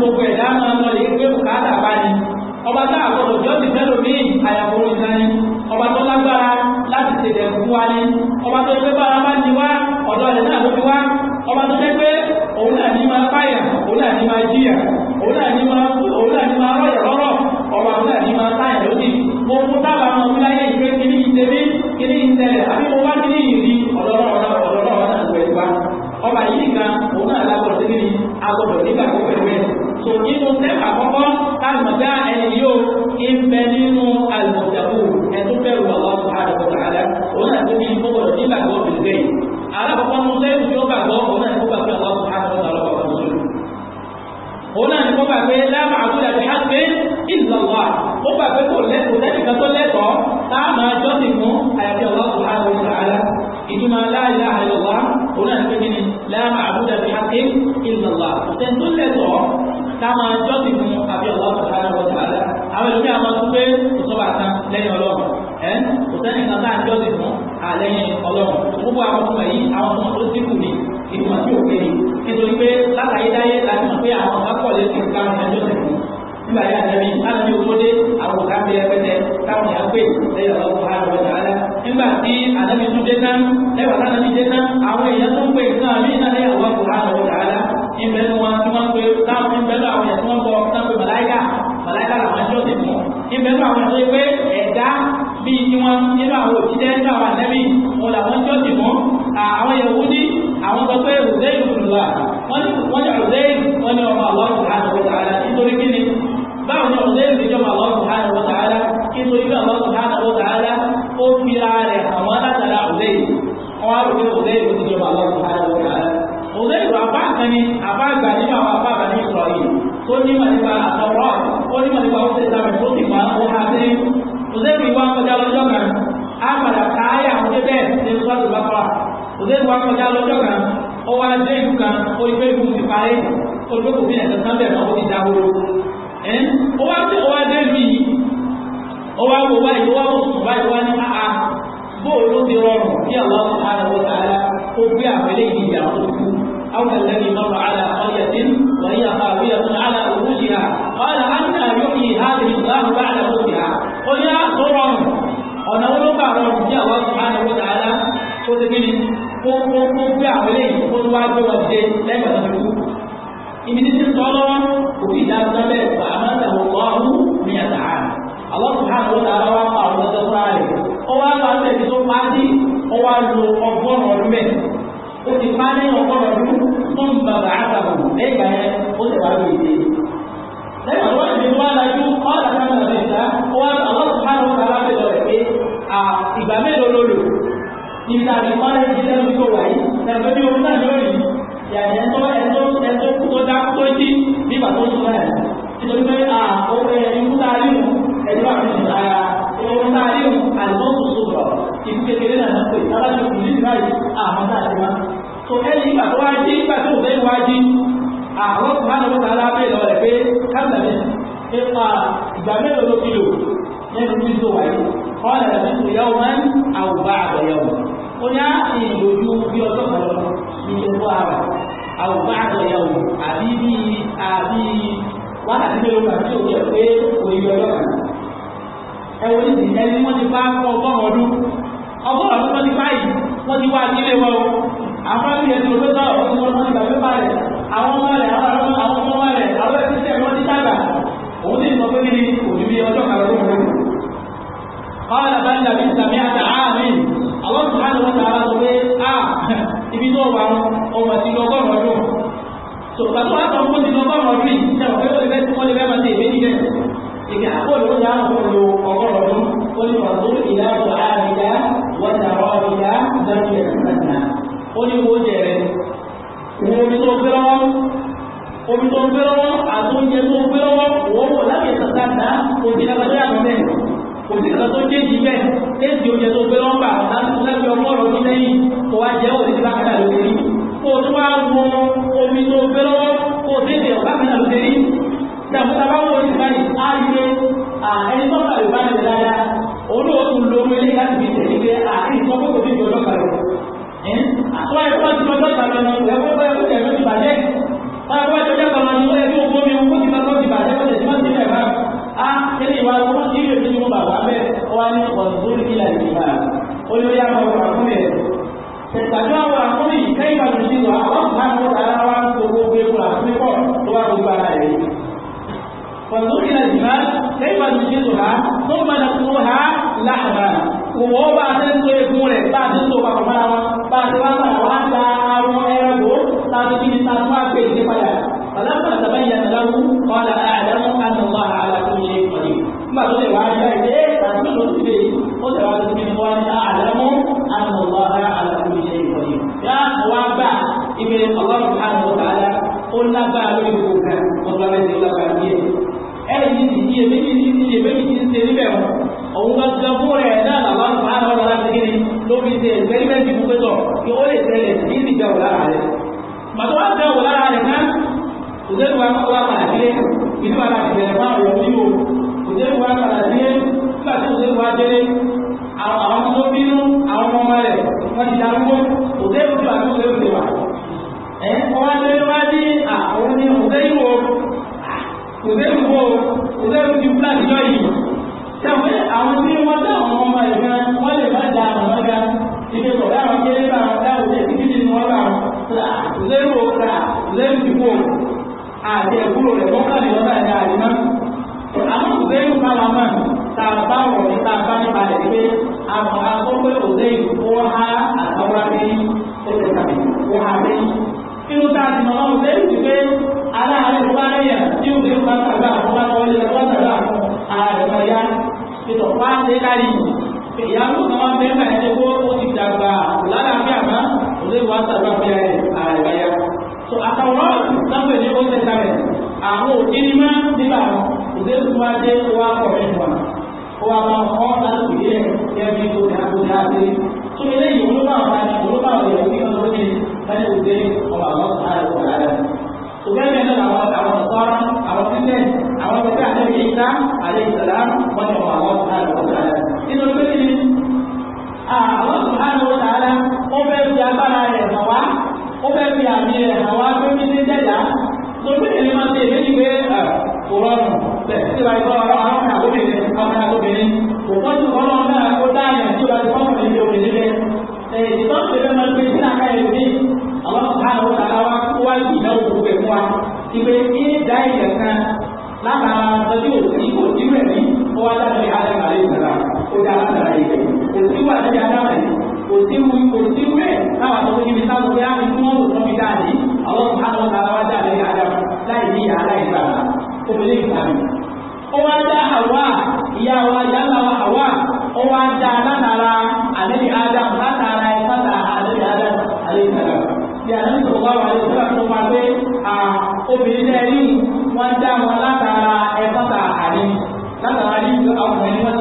gbogbo ẹ̀dá máa lọ lè gbé bùkátà bá ní ọba tá àgbọ̀dọ̀ jọ́ ti fẹ́ lómi àyàwó ìsan ni ọba tó lágbára láti tètè fún wa ni ọba tó gbé bára bá ní wá ọ̀dọ́ rẹ̀ náà ló fi wá ọba tó fẹ́ pé òun náà ní máa páyà òun náà ní máa jíyà síbẹ̀ yìí ó tẹ̀wá sí mi wá ní á ah,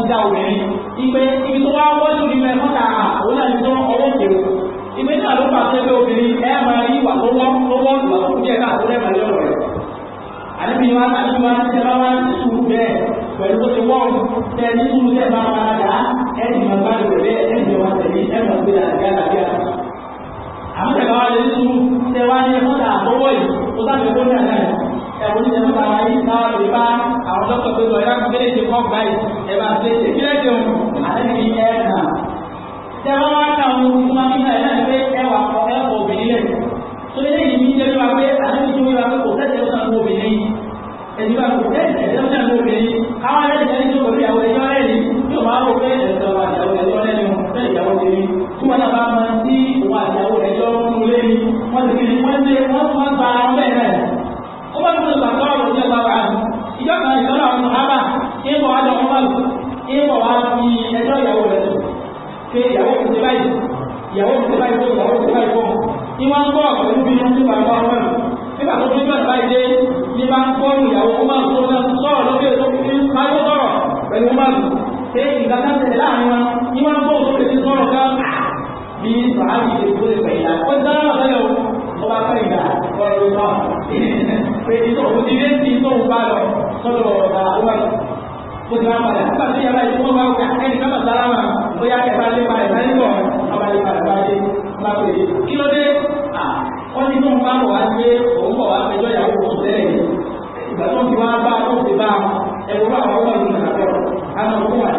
dá obìnrin ìpè ibi tó wá wọ́jú ní mẹ́ mọ́ta àwọn náà ní tó ọwọ́ òkè o ìpè náà ló fà sẹ́gbẹ́ obìnrin ẹ máa rí ìwà tó wọ́n tó wọ́n ìwà tó kú díẹ̀ káàkó lẹ́ máa lọ́rọ̀ rẹ̀ àníbi wa àti wa ti tẹ́ bá wá ní sùúrù bẹ́ẹ̀ pẹ̀lú tó ti wọ́n tẹ ní sùúrù tẹ́ bá wá dá ẹ ti máa bá lò bẹ́ẹ̀ ẹ ti máa tẹ̀lé ẹ máa gbé àlàyé àlàyé bá wá lè sùúrù tẹ ẹ bá ṣe ìpínlẹ̀ jẹun àti ẹ̀ nà. Ṣé wọ́n wá ká àwọn ohun máa nígbà yẹn láti pé ẹ wà kọ ẹ wọ obìnrin rẹ̀? Tó lé yìí ní jẹ́rìí wa pé àdébí tó wíwa pé kò tẹ̀sẹ̀ obìnrin. Ẹ̀dí wa kò ṣé ìgbàgbọ́ tẹ̀lé láàrin wọn ní wọn bó oṣù tẹ̀lé sọ̀rọ̀ ká bí sàájì lè tó pẹ̀lá ó ti dáná ọ̀dọ́ ó bá pẹ̀ ìgbà ọ̀rọ̀ ìgbà pé ìtò òun ti dé sí ìtò òun bá lọ sọ́dọ̀ ọ̀gá àwọ̀yì ó ti máa padà nígbà tí yàrá ìdúró bá wà ẹnì kan bàtà láwọn ó yá kẹta lé pa ẹ̀fẹ́ nígbà ọba lè padà bá dé bá pè é kí ló dé wọ́n ti tún bá wà gbé òun bọ̀ wá fẹjọ́ ìyàwó òun tẹ́lẹ̀ ìgbà tó ti wá bá tó ti bá ẹ̀rọ àwọn ọmọ ìlú nàkàtọ̀ àwọn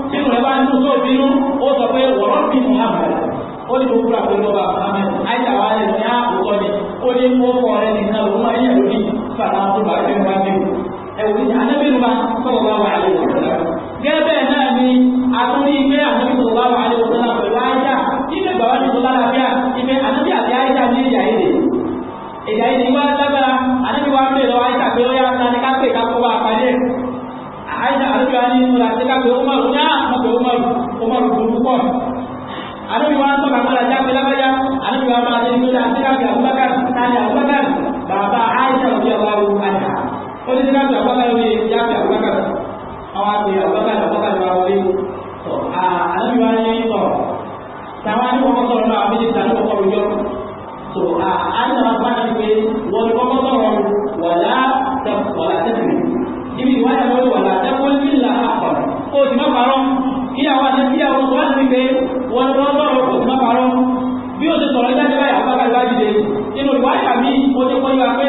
nínú rẹ̀ bá ń dùn tó bínú ó sọ pé wọ̀rọ̀ bí muhammed ó ní gbogbo àpò ìjọba muhammed àìsà wa lè ní àkókò ni ó ní kó kọ́ rẹ̀ nìkan òun máa ń yẹ̀ lórí fàtà tó bá gbé wá bí wò ẹ̀wò ní anábìrì wa sọ̀rọ̀ bá wà á lè wọ̀ gẹ́gẹ́ náà ni atúní ilé anábì tó bá wà á lè wọ̀ náà pẹ̀lú àìsà ilé bàbá mi tó lálàáfíà ilé anábì àti àìsà ní ìyà èdè ìyà èdè wá lágbára anábì wa ń bè lọ àìsà pé ó yára sani ká pè ká kó wa pàdé àìsà àdúgbò wa ní ìmúra sí ká pè ó mọ̀ àdúgbò wa ń tọ́ka mọ́ra jáde lábájá àdúgbò wa máa dé nígbà síláàbì àbúbákà tani àbúbákà bàbá àìsà òbí ọba wo àjà ó ní síláàbì àbúbákà ló yẹ síláàbì àbúbákà àwọn àgbè àbúbákà àbúbákà ló wà wọlé tó àdúgbò wa ní tọ̀ táwọn àdúgbò wọn sọ̀rọ̀ náà àbí níta àdúgbò wọn rojọ́ tó àìsà wọn bá ti pé wọn ni kọ́kọ́ sọ̀rọ̀ wàlá tẹ̀kọ̀ wàlá tẹ̀kọ̀ wọn lọ bá wọn kò sí má parọ́ bí o ti sọ̀rọ̀ ẹgbẹ́ ẹgbẹ́ àbáka ìwà dìde nínú ìwà ìkà mi mo ti kọ́ yọ pé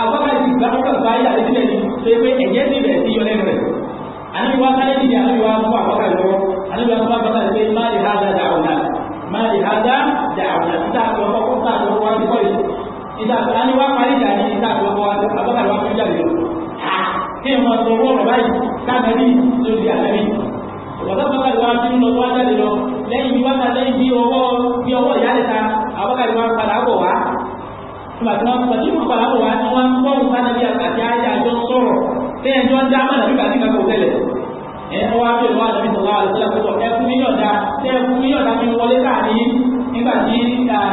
àbáka ti gbà ọkọ̀ gbà ayé àti sílẹ̀ ni ṣe pé ẹ̀jẹ̀ ti bẹ̀rẹ̀ sí yọ lẹ́nu rẹ̀ àníbi wá sáré dìde àníbi wá fún àbáka lọ́wọ́ àníbi wá fún àbáka pé má lè hádà dà ọ̀nà má lè hádà dà ọ̀nà títà àti ọkọ̀ kó tà lọ́wọ́ wá sí kọ́ yìí títà àníbi wá parí ìjà ní títà àti ọkọ̀ àbáka lọ́wọ́ fún jáde lọ kí ẹ máa sọ owó ọ̀rọ̀ báyìí káàkiri lórí àlẹ́ mi ọ̀gá bàbá ìwà tí ń lọ wá jáde lọ lẹ́yìn wákà lẹ́yìn bí ọwọ́ bí ọwọ́ ìyálẹ̀ta àwọ́kàlẹ̀ wọn padà bọ̀ wá nígbàtí wọn pàtí wọn padà bọ̀ wá ni wọn ń gbọ́ òun sánàbí àti ayé àjọ sọ̀rọ̀ lẹ́yìn tí wọ́n dá mọ̀nà bí bàtí kankan tẹ́lẹ̀ ẹ ọwọ́ abẹ́ ìwọ àdàbí sọ̀rọ̀ àti sọ̀rọ̀ pẹ̀lú ẹkún mílíọ̀dá tẹ́ ẹkún mílíọ̀dá fi wọlé káàní nígbà tí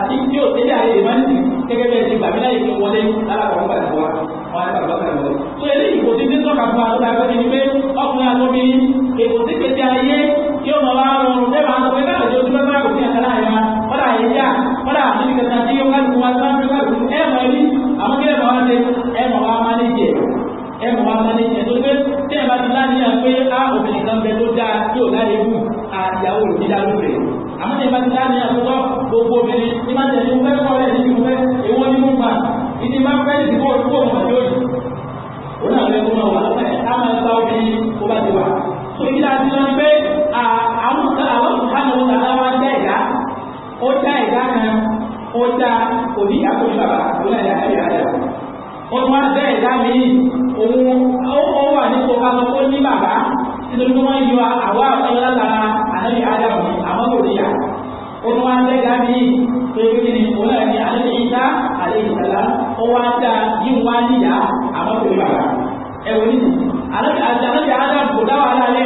tí tí ò tẹ́lẹ̀ àyè lè máa ń sìn gẹ́gẹ́ bẹ́ẹ̀ ti gbàmí láyè fi wọlé alákọ̀ọ́ nígbà tí wọ́n wọ́n á gbàgbọ́ kan lọ. tó eléyìí kò ti ti sọ̀kà fún àtúntà pé ọkùnrin àtọ́bí lébù àtìyàwó òbí dáró rẹ̀ àmọ́ ní ìbá ti dá ní àtúntọ́ gbogbo obìnrin ní máa tẹ̀lé mo fẹ́ kọ́ rẹ̀ ní mo fẹ́ èwo ni mo gbà ìdí máa fẹ́ ìdìbò olúwo mọ̀ lórí òun náà fẹ́ kó máa wà lọ́pẹ́ á máa gba obìnrin kó bá ti wà tó ibi láti lọ ni pé àwọn àwọn ìhànà òun tàbí àwọn ajá ìdá ó dá ìdá kan ó dá òbí àkójú bàbá òun náà yà ó tún wá bẹ́ẹ̀ dá mi òun ó wà nípò ká sọ pé ó ní bàbá nítorí pé wọ́n yọ àwa àwọn látara ànábì ádámù àmọ́ kò lè yà ó tún wá ń dẹ́gà ní pépé ní òun náà ní ànábì ìta àlejò sàlá ó wá ń dá yìí wá níyà àmọ́ kò lè bàbà ẹ wò nínú ànábì ànábì ádámù kò dá wàhálà lẹ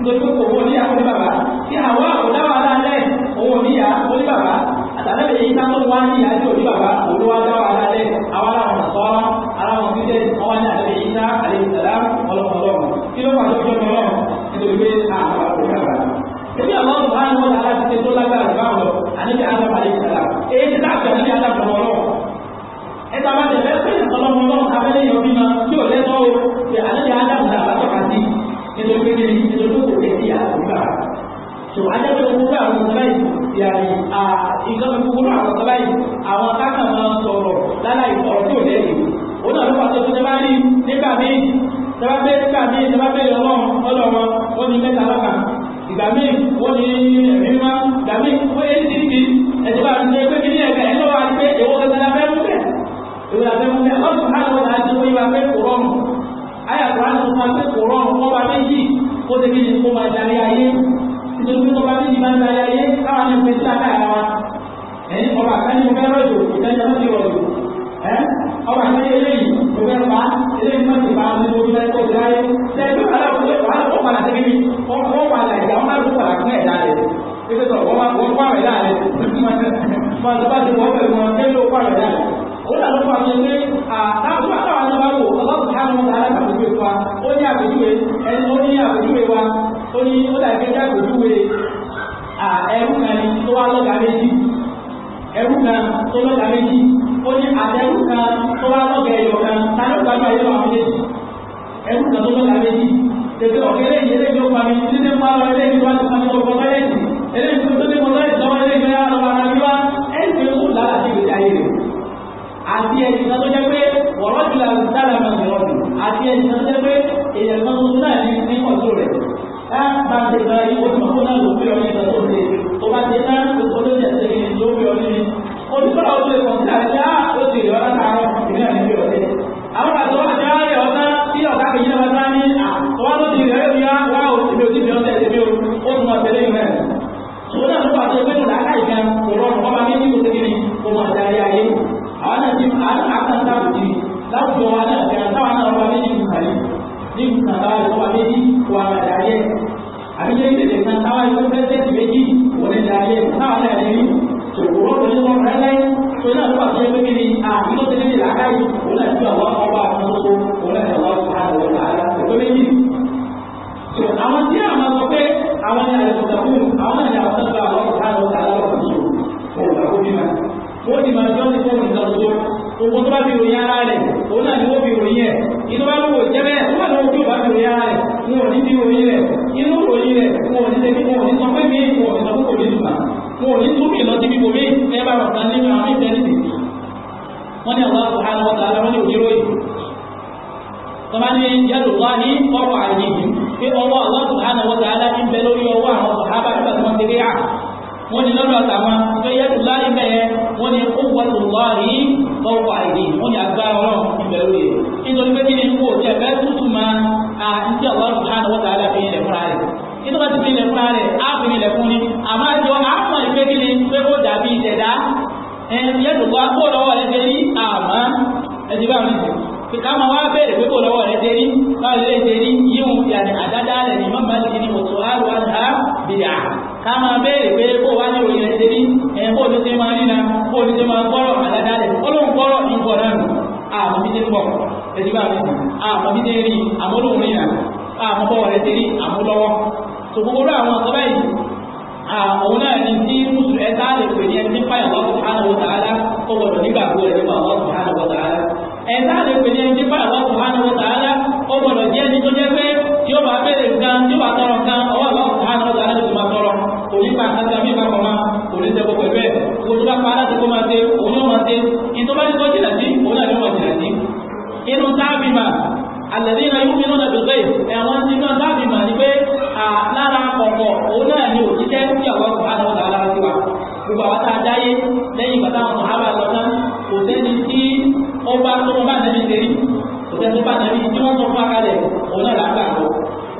nítorí pé kò wọ́n níyà kò ní bàbà tí àwa kò dá wàhálà lẹ òun ò níyà kò ní bàbà àtàlẹ́bẹ̀ yìí tá tó wá ní àti òní bàbá òní wá dá wàhálà lẹ́ àwọn aláwọn sọ́ra aláwọn kíkẹ́ àwọn ní àtàlẹ́bẹ̀ yìí tá àlejò sàlá ọlọ́mọdọ́mọ kí ló pàṣẹ fún ọmọ aláṣẹ tó lágbára báwọn nípa ọ̀rọ̀ kan nínú àwọn ìtẹ́lẹ̀dì wọ́n ní àwọn subhanahu wa ta'ala wọ́n ní òjírò yìí tọ́ba ní yẹ́lò wá ní ọ̀rọ̀ àyè yìí pé ọwọ́ àwọn subhanahu wa ta'ala ń bẹ lórí ọwọ́ àwọn sàhábà nígbà tí wọ́n ti rí ní lọ́dọ̀ àtàwọn pé yẹ́lò láì bẹ́ẹ̀ wọ́n ní ó tó wá rí ọwọ́ àyè wọ́n ní agbára ọlọ́run ń bẹ nítorí pé kí ni kú òjẹ́ fẹ́ tútù máa àti àwọn subhanahu wa ta'ala fi ilẹ̀ fúnra rẹ̀ ní tó bá ti fi ilẹ̀ fúnra rẹ̀ á fi ilẹ̀ fún ni àmọ́ àjọ àmọ́ ìfẹ́ kí pé ó dàbí ìṣẹ̀dá ẹ̀yẹ́ tó wá kó lọ́wọ́ rẹ̀ dérí àmọ́ ẹ̀jẹ̀ bá mi sì ká máa wá bẹ̀rẹ̀ pé kó lọ́wọ́ rẹ̀ dérí báwo lè dérí yíwù yàtì àdáda rẹ̀ ní mọ́mọ́ ti ní mọ̀tò àrùn àdá bìyà ká máa bẹ̀rẹ̀ pé kó wá ní òyìn rẹ̀ dérí ẹ̀ bó ló rẹ̀ ti rí àmọ́ so gbogbo rẹ àwọn àtọ́lá yìí àwọn náà ní tí mùsùlùmí ẹ̀ta lè pè ní ẹni nípa ìwà subhanahu wa ta'ala ó gbọdọ̀ nígbàgbọ́ rẹ̀ nípa ìwà subhanahu wa ta'ala ẹ̀ta lè pè ní ẹni nípa ìwà subhanahu wa ta'ala ó gbọdọ̀ jẹ́ ẹni tó jẹ́ pé tí ó bá bẹ̀rẹ̀ nǹkan tí ó bá tọrọ nǹkan ọwọ́ ìwà subhanahu wa ta'ala ló ti máa tọrọ òní pa àkàtà mí ìbá kọ̀ọ̀má òní tẹ́kọ̀ pẹ̀lú ẹ̀ gbogbo àwọn tá a dáyé lẹ́yìn ìgbà táwọn sọ̀hábà lọ tán kò sẹ́ni tí ó bá tó wọn bá nẹ́bí ṣe rí kò sẹ́ni tó bá nẹ́bí tí wọ́n sọ fún akalẹ̀ òun náà làgbà kọ́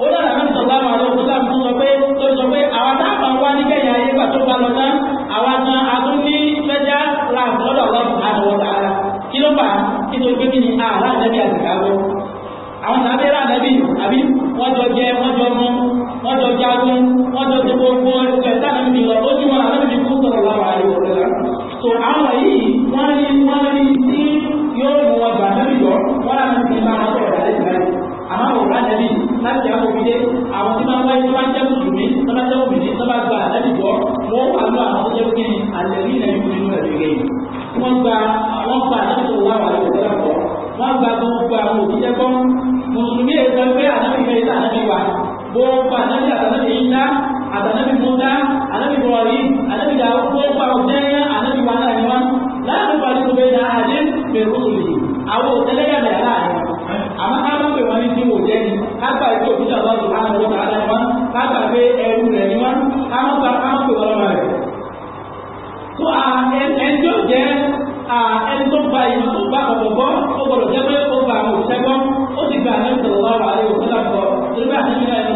òun náà làgbà sọ̀tà wà lọ kó sáà fún sọ pé tó sọ pé àwọn táàpà wá ní kẹ́yìn ayé gbà tó bá lọ tán àwọn kan atún ní fẹ́já ra àtọ́dọ̀ lọ́wọ́ àtọwọ́ tààrà kí ló fà kí so àwọn yìí wọ́n ní wọ́n ní tí yóò mú wọn gbà náà yọ wọ́n á ti bá wọn sọ̀rọ̀ láti ìgbàlẹ̀ àmọ́ àwọn òbá nàbí láti àwọn òbí dé àwọn tí wọ́n wáyé wọ́n jẹ́ mùsùlùmí wọ́n bá jẹ́ òbí tó bá gba àlẹ́bí gbọ́ wọ́n wà lọ àwọn tó jẹ́ kí ni àlẹ́bí náà yóò nínú ẹ̀rí rẹ̀ wọ́n gba wọ́n gba àlẹ́bí tó wà wà lọ́wọ́ wọ́n gba gbogbo àwọn òbí jẹ́ gbọ́ mùsùlùmí ẹ̀gbẹ́ àlẹ́bí rẹ̀ ẹni tó gba ìmọ̀ tó gba ọ̀pọ̀ gbọ́ ó gbọ́dọ̀ jẹ́ pé ó gba àwọn òṣìṣẹ́ gbọ́ ó sì gba àdéhùn tẹ̀lé wà wà lẹ́yìn òṣìṣẹ́ gbọ́ nígbà tí nígbà ẹni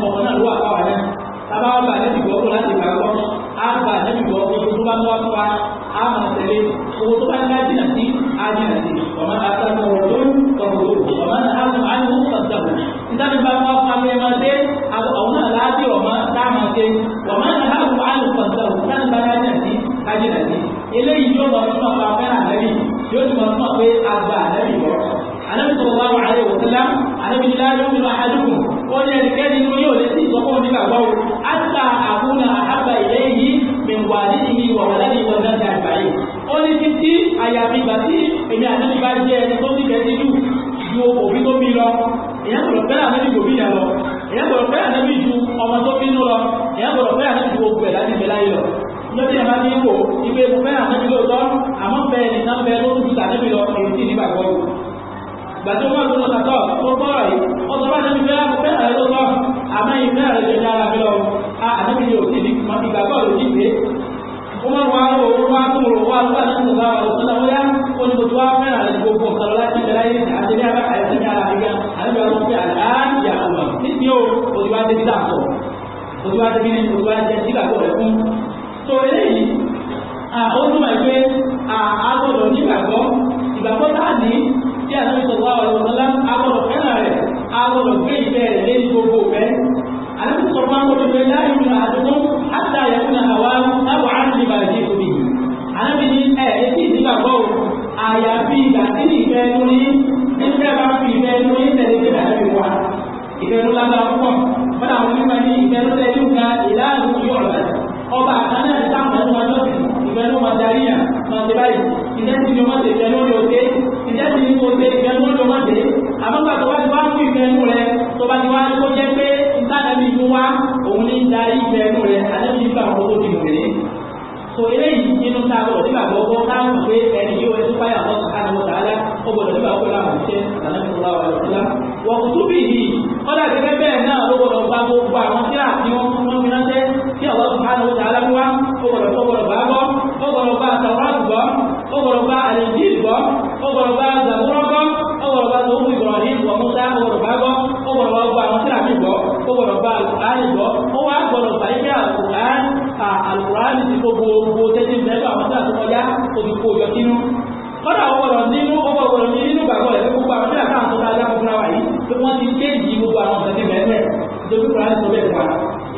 ti kéèjì gbogbo àwọn ọ̀sẹ̀ ní bẹ́ẹ̀ bẹ́ẹ̀ nítorí kò láti sọ bẹ́ẹ̀ wá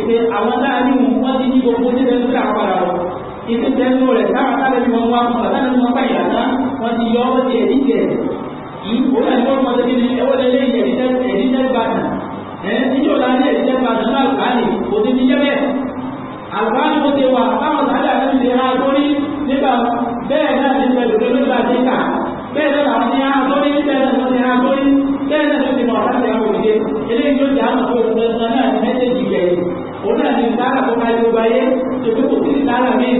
ìpè àwọn náà ní wọn ti ní gbogbo ní bẹ́ẹ̀ nígbà padà lọ ìpè tẹnu rẹ̀ táwọn sáré ni wọn wá fún wọn sáré ni wọn báyìí lànà wọn ti yọ ọwọ́ ti ẹ̀dí jẹ ìwọ náà ní wọn mọ tẹbi ní ẹwọ lẹlẹ ẹ̀dí jẹ ẹ̀dí jẹ gbàdà ẹ bẹ́ẹ̀ náà ti tẹ lórí nígbà tí ká bẹ́ẹ̀ náà ti ha lórí bẹ́ẹ̀ náà ti lórí bẹ́ẹ̀ náà ló ti mọ ọ̀rá ti àwọn òde eléyìí ló ti àwọn òkú òkú ẹ̀sán náà ní mẹ́tẹ̀ẹ̀jì rẹ̀ òun náà ní sáárà kó máa gbogbo ayé tòbí kò sí sáárà míì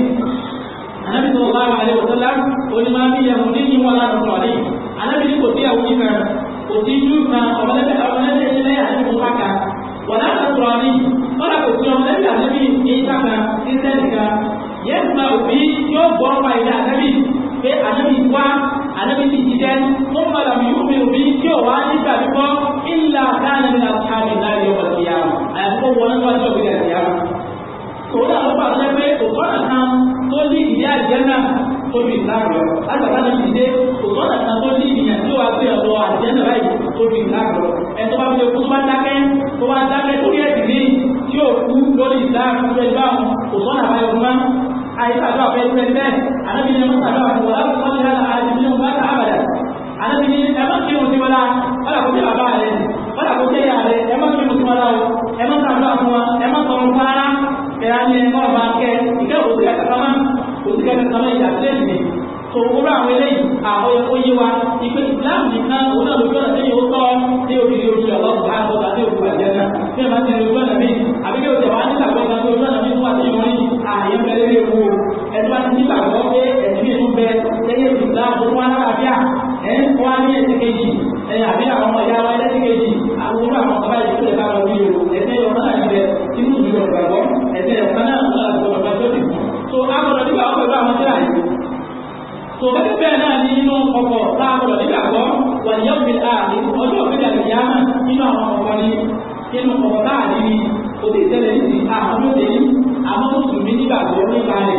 anábì tó bá wà lẹ́wọ̀ sọ́lá onímọ̀ bí ẹ̀hún ní yíwọ́n lánàá lọ rí anábì ní kò sí ẹ̀hún yìí kan kò sí yú kan ọmọlẹ́bẹ̀ ọmọlẹ́bẹ̀ ilé àti ìfúnpá kan wọ́n náà lọ sọ̀rọ̀ ní kọ́lá kò sí ọmọlẹ́bẹ̀ ànábì ìyíká kan kírísítẹ́nì kan yẹ́n ma òbí ìyẹn ó padà bí yóò mi ò bí tí ò wá nígbà gbọ́ ìlà káàní ní àtàmì láì yọ ọ̀sẹ̀ yà wà àyàfó wọn ní wájú ọ̀gbìn ẹ̀sẹ̀ yà wà. òun náà ló bá tẹ́ òkọ́nà kan tó ní ìdí àjẹ́ náà tó bí látàkà náà ti òkọ́nà kan tó ní ìyẹn tí ó wá gbé ọ̀rọ̀ àjẹ́ náà báyìí tó bí ìlàrọ̀ tó bá fi okú tó bá dákẹ́ tó bá dákẹ́ tó yẹ tí ó kú lórí ìdáhùn ẹgbẹ́ àwọn òṣùwọ̀n àbáyọ fún wa àìsàdó àfẹ́ ìfẹ́ bẹ́ẹ̀ àdébìnrin ọ̀sàdó àfẹ́ wọ́n láti àti ní ẹ má kírun sí wọn lára wọn làkó jẹ bàbá rẹ wọn làkó jẹ ìyá rẹ ẹ má kírun sí wọn lára ẹ má sàdúrà fún wa ẹ má sọrun fún ara kẹra ní ẹ kọlọ máa kẹ ìkẹ òsì kẹta kama òsì kẹta kama ìyá sílẹ̀ nìyẹn tó wúrọ àwọn eléyìí àwọn oyè wa ìpè Islam nìkan òun náà lójú ọ̀nà àbí àwọn ọmọ ìyá wa ẹlẹ́sìn kejì àwọn olú àwọn ọba yìí tó lè bá wọn bí o ẹ̀sẹ̀ yọ náà yìí rẹ̀ inú ìlú ọ̀gbàgbọ́ ẹ̀sẹ̀ ọ̀gbà náà ń lọ àgbọ̀ ọ̀gbà tó dì so agbọ̀dọ̀ nígbà wọn pẹ̀lú àwọn tíra yìí so bẹ́ẹ̀ bẹ́ẹ̀ náà ní inú ọkọ̀ láàbọ̀dọ̀ nígbàgbọ́ wà ní ọ̀gbìn ààrin ọjọ́ ọ̀gbìn àgbìyá náà nínú àwọn ọkọ̀ ni inú ọkọ̀ láàrin ni kò tí ì tẹ́lẹ̀ ní ti àwọn lóde yìí àwọn mùsùlùmí nígbàgbọ́ nípa rẹ̀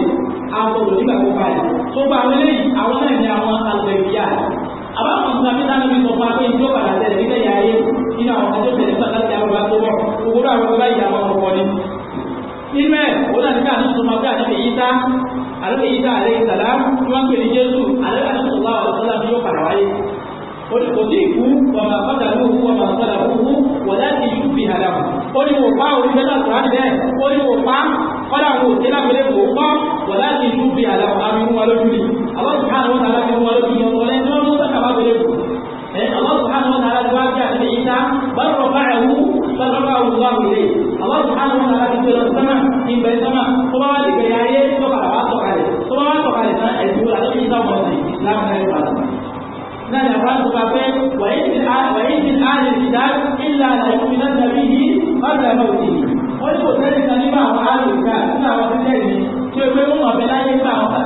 agbọ̀dọ̀ nígbàgbọ́ pa rẹ̀ àbáwọn nǹkan bí sáà níbi sọ̀fà pé ìjọ padà tẹ̀lé nílẹ̀ yà ayé nínú àwọn ọ̀sán tó tẹ̀lé sọ̀tà tí àwọn bá tó bọ̀ òwúrọ̀ àwọn ọba ìyá àwọn ọkọ̀ ni. nínú ẹ̀ òun náà nígbà tó sọmọ pé àdébẹ̀ yìí tá àdébẹ̀ yìí tá àlẹ́ ìsàlá tí wọ́n pè ní Jésù àdébẹ̀ àdébẹ̀ sọ̀tà àdébẹ̀ sọ̀tà yóò padà wáyé. kò sí ìkú wàmà fọ́tà lóhùn wàmà fọ́tà lóhùn wọ̀dá ti yú fi hàdà ó ní wò pa ó ní wò pa kọ́dà wò àmì wọn lójú ni àwọn sùkúrù àwọn sàlámì wọn lójú ni ọmọ موسى بل رفعه بل رفعه الله إليه الله سبحانه وتعالى في السماء من بين السماء ثم بعد كيائه ثم بعد بعد عليه ثم بعد عليه سنة يقول هذا في إسلام ومسلم إسلام لا يقال نحن أفراد وإن من آل وإن من آل الكتاب إلا لا يؤمنن به قبل موته وإن كنت تلك لما هو آل الكتاب كما هو في الجنة 所以，我们本来也讲。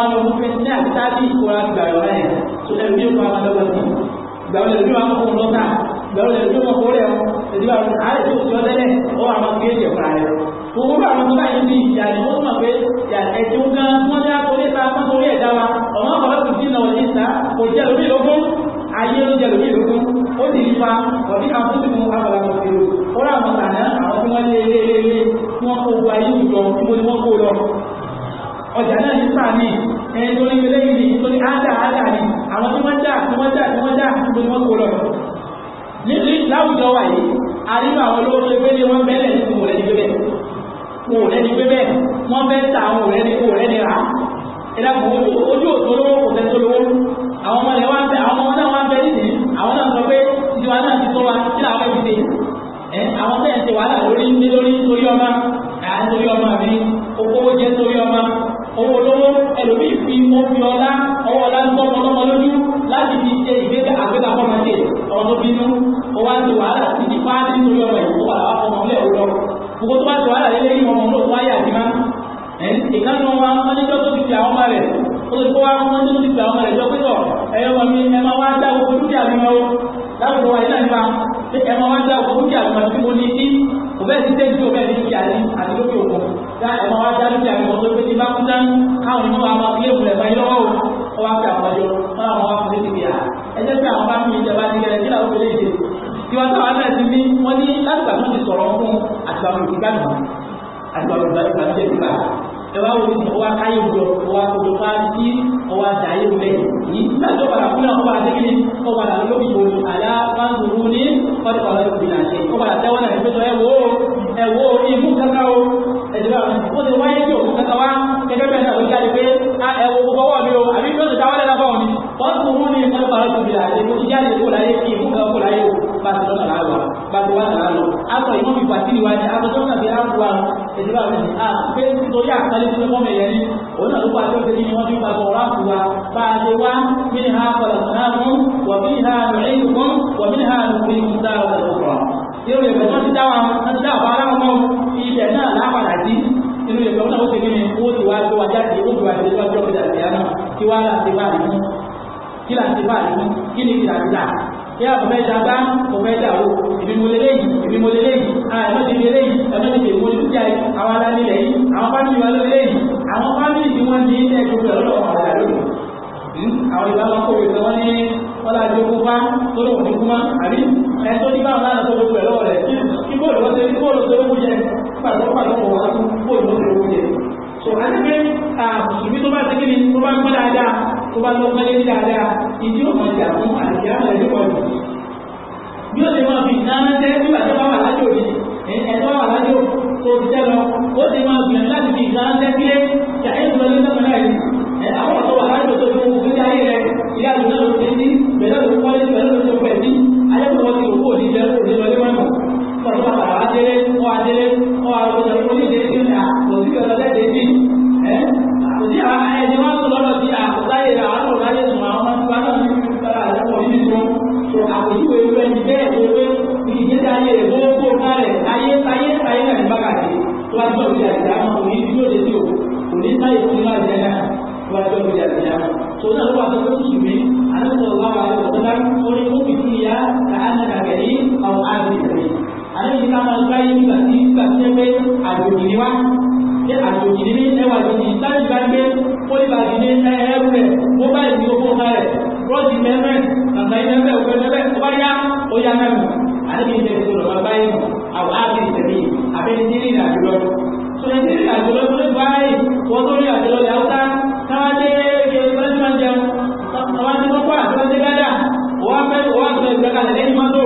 wá lọ fún twenty nine àti thirty ìkóra gbà lọ rẹ̀ tó ẹni bí ó kọ́ àwọn ọlọ́gbọ̀n sí gbà wọlé lójú àwọn ọkọ̀ lọ́tà gbà wọlé lójú ọkọ̀ rẹ̀ ẹ̀dí wa àárẹ̀ tó ti ọtẹ́lẹ̀ ó wà máa gbé ní ìyá ni wọ́n mọ̀ pé ẹ̀jẹ̀ gan wọ́n dá torí ta wọ́n torí ẹ̀dá wa ọ̀mọ́ bàbá kò sí náà ní ìta kò jẹ́ lómi lógún ayé ló jẹ́ lómi lógún ó sì ní fa ọ̀dí kan tó ti mú abàlà kò sí o ó ọjà náà ní sáà ní ẹni tó ní ilé yìí ní tó ní ádà ádà ní àwọn tí wọ́n dà tí wọ́n dà tí wọ́n dà tó ní wọ́n kó lọ. nítorí láwùjọ wà yìí àríwá àwọn olówó ṣe pé ní wọ́n bẹ́lẹ̀ ní kò lẹ́ni bẹ́bẹ̀ kò lẹ́ni bẹ́bẹ̀ wọ́n fẹ́ ta àwọn òrẹ́ni kò lẹ́ni rà ẹ̀dàkùn ojú òtò lówó kò fẹ́ tó lówó àwọn ọmọ náà wá ń bẹ nídìí àwọn náà sọ pé ìjọba náà ti tó wa kí làwọn fẹ́ fi ṣe àwọn fẹ́ẹ̀ ṣe wàhálà lórí nítorí ọmọ àti lórí ọmọ ń ṣe wàhálà títí fáájì nítorí ọmọ ìwò wà láwọn ọmọ ilé ìwò lọ gbogbo tó bá ṣe wàhálà lélẹ́ yìí ọmọ olóòtú ayé àdìmá ìkan ní wọn wọn níjọ́ tó ti fi àwọn ọmọ rẹ̀ ó ti kó tó ti fi àwọn ọmọ rẹ̀ ẹ̀yọ́ mi ẹ máa wá dá gbogbo dúkìá mi mọ́ láwùjọ wa iná nípa ẹ máa wá dá gbogbo dúkìá mi mọ́ tí mo ní sí òbẹ́ ti tẹ́ ju òbẹ́ ti fi àdí àti lókè òkun dá ẹ máa wá dá dúkìá mi mọ́ tó pé ti bá kú dání káwọn ìmọ̀ wa máa fi lé ìmùlẹ̀ lọ́wọ́ o wọ́n wá fi àwọn wọn wá fi lé ti fi ẹ tiwa táwa náà ti ní wọ́n ní láti gbà tó ti sọ̀rọ̀ fún àtìwàmù ìgbàgbọ́ àtìwàmù ìgbàgbọ́ jẹ́ ìgbà ẹ wá wo ni ọwọ́ akáyé wúlọ ọwọ́ akọ̀dọ̀ bá ti ọwọ́ àdáyé wúlẹ̀ yìí láti ọ̀bàrà fún náà ọwọ́ adékèlé ọ̀bàrà lóbi ìbòmù àlá fáńdùrú ní ọ̀dọ̀kọ̀lọ́ ìgbìnà àṣẹ ọ̀bàrà tẹ́wọ́ náà ìgbésọ ẹ wo ẹ wo imú kankan o ẹ̀dùn bá wọn ti wáyé tí òkú kankan wá gẹ́gẹ́ bẹ́ẹ̀ náà ló jáde pé ẹ wo gbogbo ọwọ́ mi o àbí bí ó ti ta wọ́n lẹ́nu bàtò wà náà lọ akọ ìmọ̀ mi pàtí ni wà ní akọ tó nàbí àpò àwọn ẹ̀dùn àwọn ẹ̀dùn à pé nítorí àkàlẹ̀ tó mọ́ mẹ́yẹ ní òun náà ló pa tó ṣe ní wọ́n fi bàtò ọ̀rọ̀ àpò wa bá a ṣe wá mí ha kọlọ̀ náà fún wọ̀ mí ha rìn fún wọ̀ mí ha rìn fún dáa ọ̀rọ̀ irú ìgbẹ́ wọn ti dá wa wọn ti dá wa ara wọn ibẹ̀ ti gbé mi wá gbé wa jáde ó ti kí wá láti bá àdìmú kí láti bá àdìmú kí ni kí láti dá bí a kò fẹ́ ṣe agbá kò fẹ́ ṣe àwò ìbímọlélé yìí ìbímọlélé yìí àìmọ́tìlélé yìí ẹ̀mọ́tìlélé yìí mọ́tìlélé yìí àwọn alálélé yìí àwọn fámìlì wa lólé yìí àwọn fámìlì tí wọ́n ti ń tẹ́jú pẹ̀lú ọ̀rọ̀ hmm? àwọn àdàlú àwọn ìbáwọn kò wípé wọ́n ní ọlá àjọkú bá tó lóun ní kúmá àbí ẹ tó ní báwọn lánàá tó lóun pẹ̀lú ọ̀rẹ́ kí bóòlù wọ́n ṣe bóòlù tó lóun jẹ pàtó pàtó kò wá fún bóòlù tó lóun jẹ. so àti pé àmùsùnmí tó bá ti kí ni tó ìdí ó máa jà fún àdìyá rẹ̀ ní wọ̀lú bí ó ti máa fi náà jẹ́ nígbà tó bá wà lájò ní ẹ̀tọ́ wà lájò tó ti jẹ́ lọ ó ti máa gbìyànjú láti fi náà jẹ́ sílé jà ẹ̀ lọ nínú ọmọ náà yìí àwọn tó wà lájò tó fi wọ́n fi jáde rẹ̀ ìyá àdúgbò náà ló ti ní pẹ̀lú àwọn kọ́lé pẹ̀lú àwọn tó pẹ̀ sí ayẹ́kọ̀ọ́ ti rò kó òní jẹ́ òní lọ ဆိုတော့ဘာလို့သူမင်းအလ္လာဟ်ဝါဘာလို့ဒါကကိုရီကိုပြီးရတာအနာဂရီအော်အာဒီရီအဲဒီကမှာကြိုင်းပါဒီကချက်ပဲအဘူဒီဝါဒီအဘူဒီနေအဲဝါဒီစတဲ့ဘန်ပဲပိုလီဘာဒီနေအဲဟဲဘဲမိုဘိုင်းကိုပို့ထားတယ်ရောဒီမဲမဲနိုင်နေမဲ့ဝယ်နေမဲ့ဘာရဟိုရမယ်အဲဒီတဲ့ဆိုတော့ဘာရင်အော်အာဒီရီအဘယ်ဒီနေတာဒီလိုဆိုရင်ဒီကဒီလိုဘယ်ဘိုင်းဘောတော်ရဒီလိုရောက် kalẹ̀ lẹ́yìn mọ́tò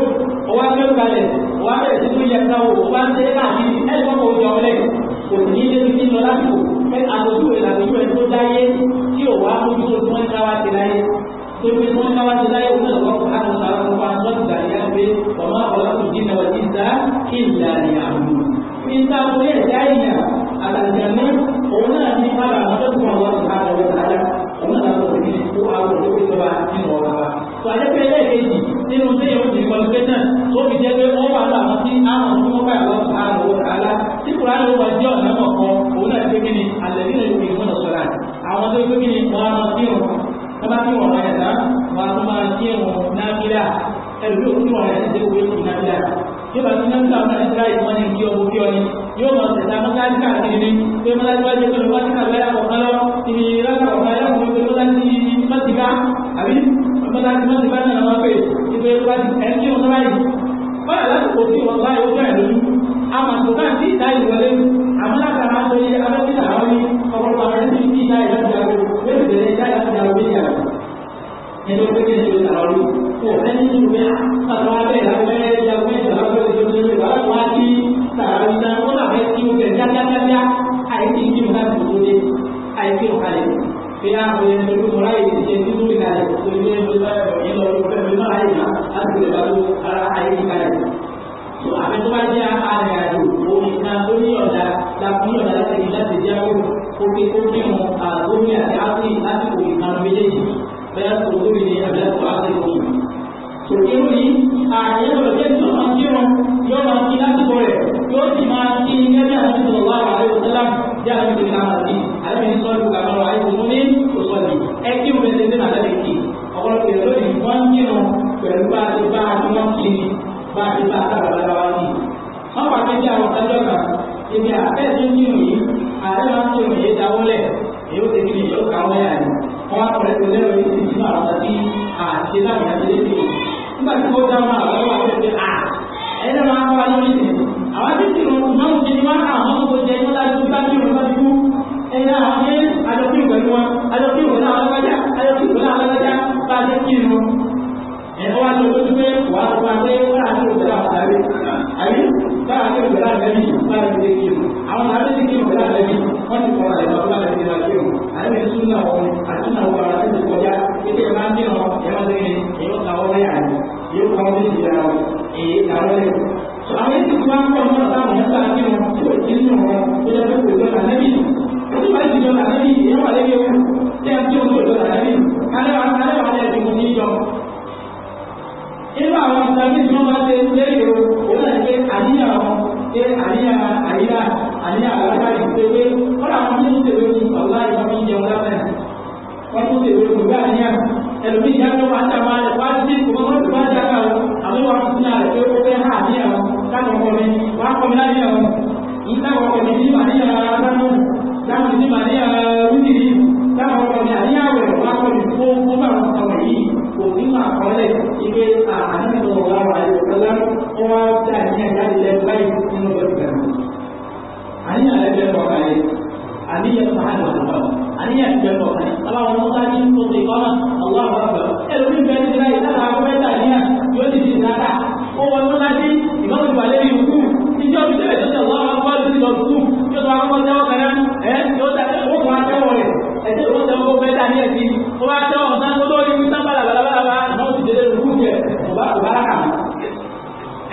ó wá gbé kalẹ̀ ó wá bẹ̀rẹ̀ sí fún yẹta o ó wá ń tẹ́lẹ̀ káàkiri ẹ̀rọ kò jọ ọlẹ̀ kò ní ilé ní ti lọ lásìkò pé àtọ́jú rẹ̀ làtọ́jú ẹ̀ tó dáyé tí ò wá mójú tó wọ́n ká ti láyé tó fi wọ́n ká wá ti láyé òun náà lọ́kọ̀ á lọ́sà lọ́kọ̀ á lọ́sà ìyá pé ọmọ àkọlọ́kùn dín náà nínú sẹ́yìn ó ẹni tó kéde ṣe ìtàlọ́lù kò fẹ́ nínú mi àtàwọn abẹ́ ìlàgbẹ́ ìyàwó ìtàlọ́lù tó ṣe ṣe wà láti wá sí tààrà ìta wọn náà fẹ́ kí o tẹ̀ kíákíákíá àìsí ìdí mi láti tó dé àìsí ọ̀kalẹ̀ fi àwọn ẹni tó mọ̀ láyé ìṣe tí tó ìlànà ìṣòwò ẹni tó bá ẹ̀rọ yẹn lọ fẹ́ mi náà láyé náà láti lè bá tó ara àìsí kalẹ̀ tó àmì tó bá jẹ́ àárẹ̀ àjò omi kan tó ní ọ̀dà láti ní ọ̀dà láti ní láti jẹ́ kó kó kí ó kí mu àgbómi àti àti àsìkò ìkànnì méjèèjì bẹ́ẹ̀ kò lórí ni àbẹ́kọ̀ àtẹ̀kọ̀ yìí. Tòkí ló ní ààyè lọ sí ẹ̀sìn máa kí wọn yóò máa kí lásìkò rẹ̀ yóò sì máa kí gẹ́gẹ́ àwọn ìṣòro wà wà lórí ọ̀sẹ̀ láàmú bí àwọn ìṣòro náà wà sí àlẹ́ mi sọ́ọ́ ìgbà kan wà ní ìṣòro ní òṣùwọ̀n yìí. Ẹ kí wọn lè dé nàlẹ́ kí ọ̀pọ̀lọpọ̀ èrò ní wọ́n kí wọn pẹ̀lú bá a ti bá a ti wọ́n kí ni bá a ti bá a sábà lára wá ní. Wọ́n pàṣẹ bí àwọn ọ̀sán jọ̀kan ibi àfẹ́sí ṣe láti àti lẹ́yìn nígbà tí ó dá máa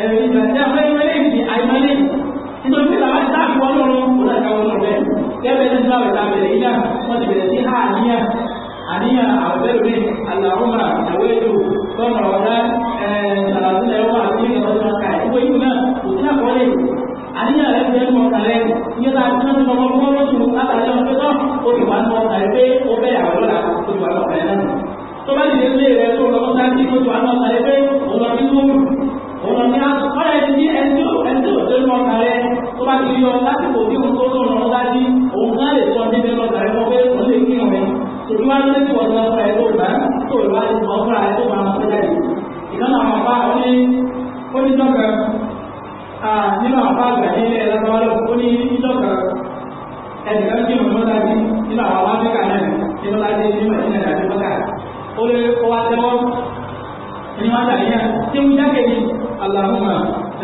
ẹ̀rí ìgbà tí a fẹ́ ìmọ̀lẹ́ ìdí àìmọ̀lẹ́ nítorí pé làwọn ìta àkọ́ lọ́rùn kó náà káwọn lọ́rùn bẹ́ẹ̀ gẹ́gẹ́ ní sáwọ̀ ìta bẹ̀rẹ̀ yíyá wọ́n ti bẹ̀rẹ̀ sí ha àníyàn àníyàn àbẹ̀rẹ̀ àlàrúmà àwẹ́lú tọ́nà ọ̀dá ṣàlàsílẹ̀ ẹ̀wọ̀ àti ìrìnàjò ká ìwé yìí náà kò sí àkọọ́lẹ̀ àníyàn rẹ̀ ti ẹ̀kọ́ kalẹ̀ yíyá tá a ti rántí ọmọ ọmọ lọ́sùn látàrí ọmọ pẹ́tọ́ ó ti wà ní ọ̀tà ẹgbẹ́ ó bẹ̀ àwọn lọ́la ó ti wà ní ọ̀tà ẹ̀ náà tó bá ti dé ilé rẹ̀ tó lọ́mọ sáà ọ̀nà ní ọ̀rẹ́ ti ní ẹni tó tó mọ́ kàrẹ́ tó bá ti yọ lásìkò bí òun tó tó rọrùn dájú òun náà lè sọ níbi lọ kàrẹ́ mọ́ pé òun lè kí ọ̀rẹ́ tó bí wọ́n lẹ́sìn wọ́n lọ fún ẹ tó bá tó bá ti mọ́ fún ẹ tó máa fẹ́ jáde ìdáná àwọn afá ó ní ó ní dọ́kà nínú àwọn afá àgbà nílẹ̀ lábáwọ́lọ́ ó ní dọ́kà ẹnìkan kí òun mọ́ dájú nínú àwọn afáfíkà náà nínú láti nínú ìdílé àti mọ́tà ó lè kó wá tẹ́wọ́ ẹni wá tàbí yẹn tí ó ń jáde ní Allahumma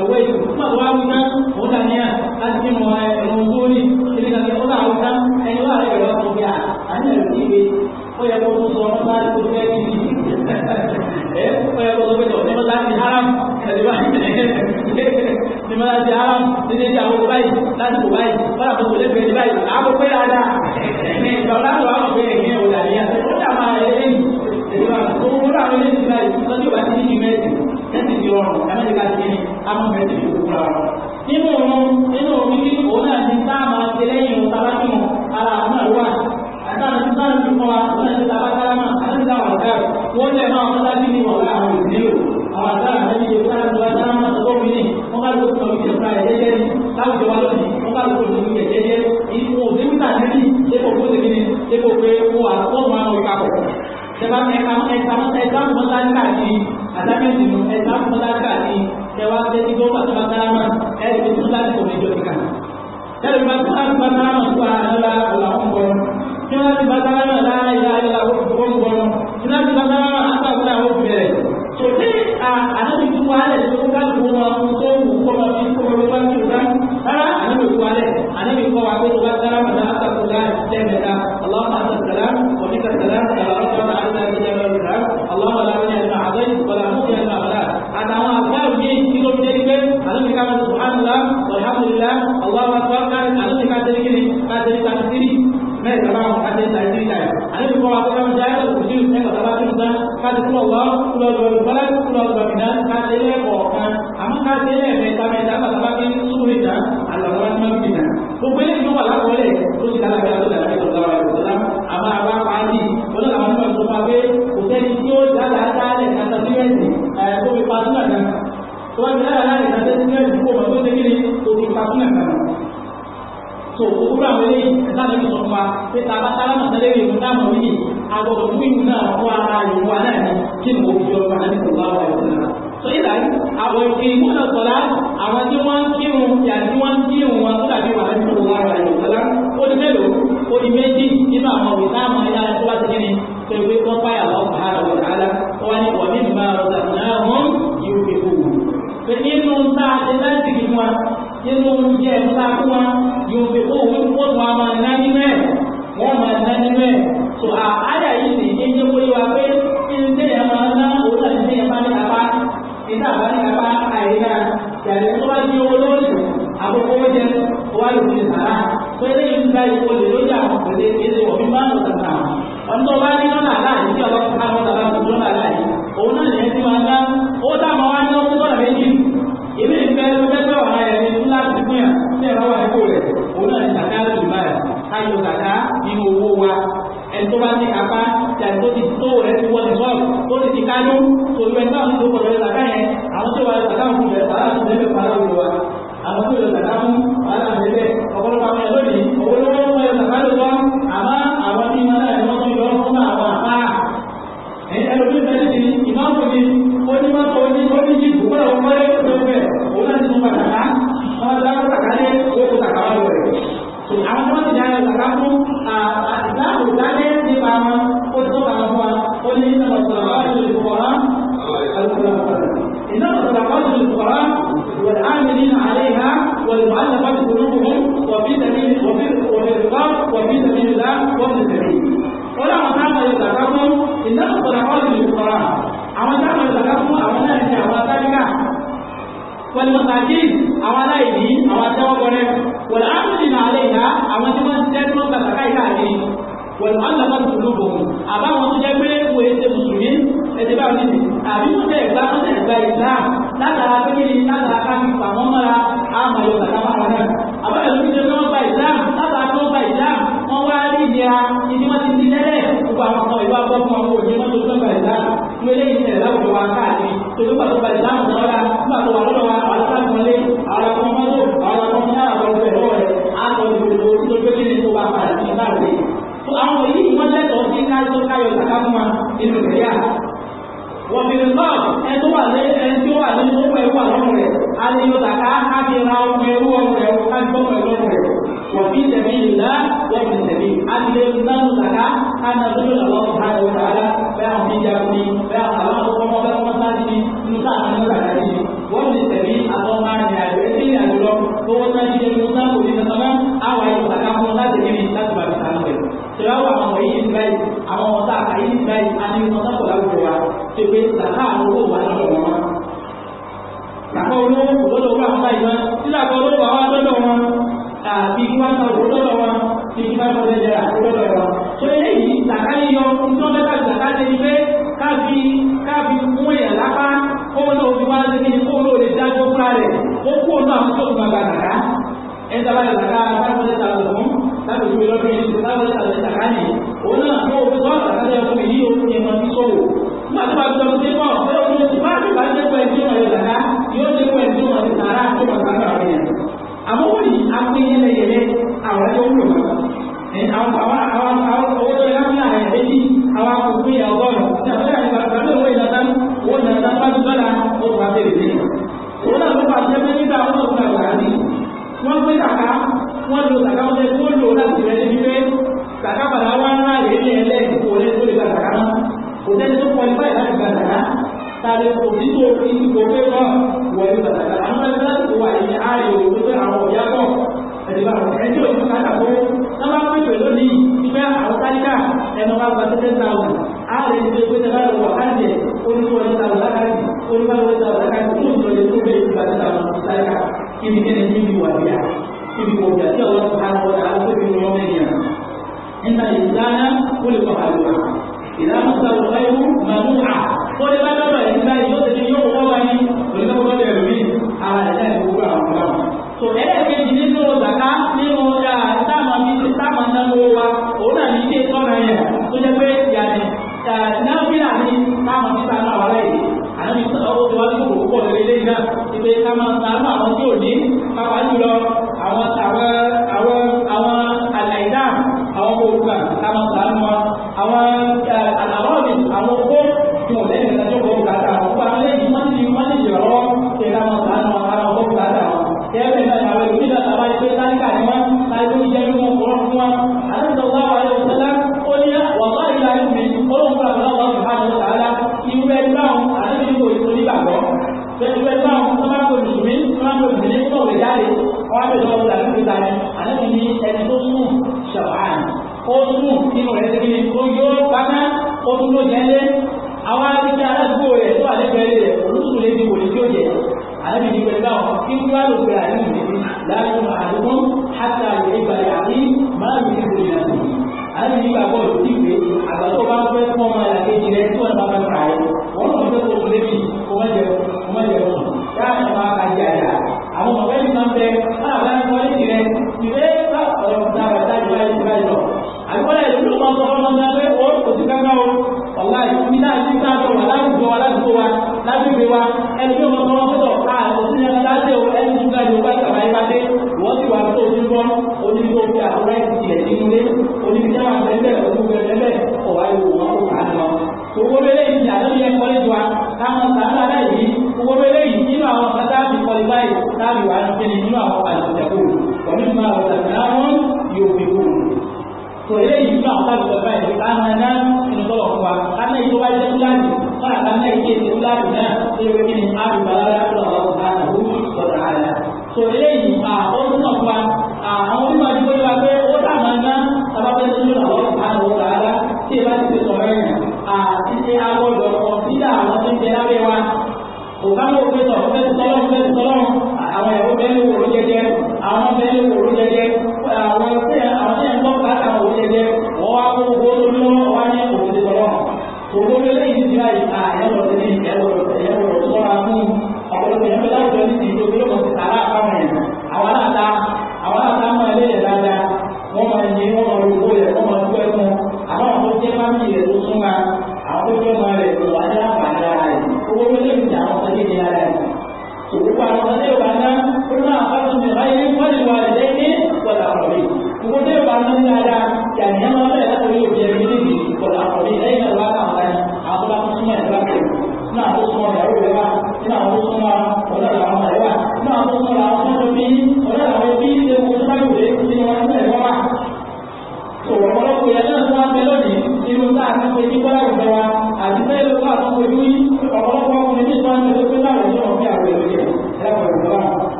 ẹ̀wẹ́ ìgbàlọ́ àwùjá òun dà ní à láti kí wọn ẹ̀rùn gbóni ilé kan ní ó dà àwùjá ẹni wà rẹ̀ rọ̀ ọ̀gbìn à àní ẹ̀rù ti gbé ó yẹ kó tó sọ ọ́n bá tó fẹ́ kí ni ẹ̀ ó yẹ kó tó fẹ́ tọ̀ ní mọ́tà ti haram ẹ̀dí wà ní mọ́tà ti haram ní ní ti àwọn báyìí láti kò báyìí bọ́lá kò tó rọrùn ẹ̀mẹ́jì ká ti ní amúfẹ́ ti fi gbogbo ara nínú òun nínú òun bí òun náà ti tá a máa ṣe lẹ́yìn òun tábà tún ara àwọn náà wà àtàwọn tí táwọn ti kọ́ wa òun náà ti tábà tára mọ́ àti táwọn ọ̀gá rẹ̀ wọ́n lè máa wọ́n láti ní ọ̀gá àwọn ìdílé o àwọn àtàwọn àti ìdílé táwọn ti wá tára mọ́ tó tóbi ní wọ́n bá lóko tó ìjẹ fúra ẹ̀jẹ̀ jẹ́ ní láwùjọ wa lónìí wọ́n bá lóko tó ìjẹ jẹ́ jẹ́ ìfún òbí níta níbi dépò kó ti kíni dépò pé wọ́n wà wọ́n máa ń wọ ìpapọ̀ ṣẹba ẹ̀ka ẹ̀ka ẹ̀ka mọ́ta ní káàkiri àtàkùn ti bá sálámà fún àlọ́lá ọ̀làwọ̀n bọ̀ tí wọ́n ti bá sálámà ಮೇಲೆ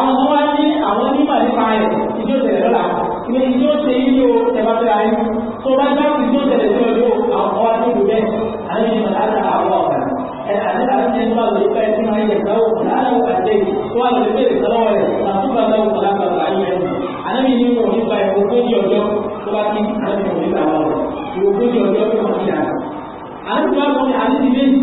àwọn ọmọ wa ní àwọn onímọ̀ nípa rẹ̀ ìjọ tẹ̀lé lọ́la ilé ìjọ ṣe yíyó ẹ̀fà fẹ́ ayé tó bá dá ìjọ tẹ̀lé sí ọjọ́ àwọn ọmọ wa ní ìlú bẹ́ẹ̀ àwọn ènìyàn láti àwọn ọ̀gá ẹ̀ àti àti ẹni máa lè fẹ́ sí máa yẹ sáwọ́ láàrín òkà tẹ̀ tó wà lè fẹ́ sọ́wọ́ rẹ̀ làtúbà náà wò lágbà láyé ẹ̀ ànábì ní wọn nípa ìwòkójì ọjọ́ tó bá ti ànábì wọn nípa wọn ìwòkójì ọjọ́ tó wọn ti dà àti wọn kọ́ ni àti ti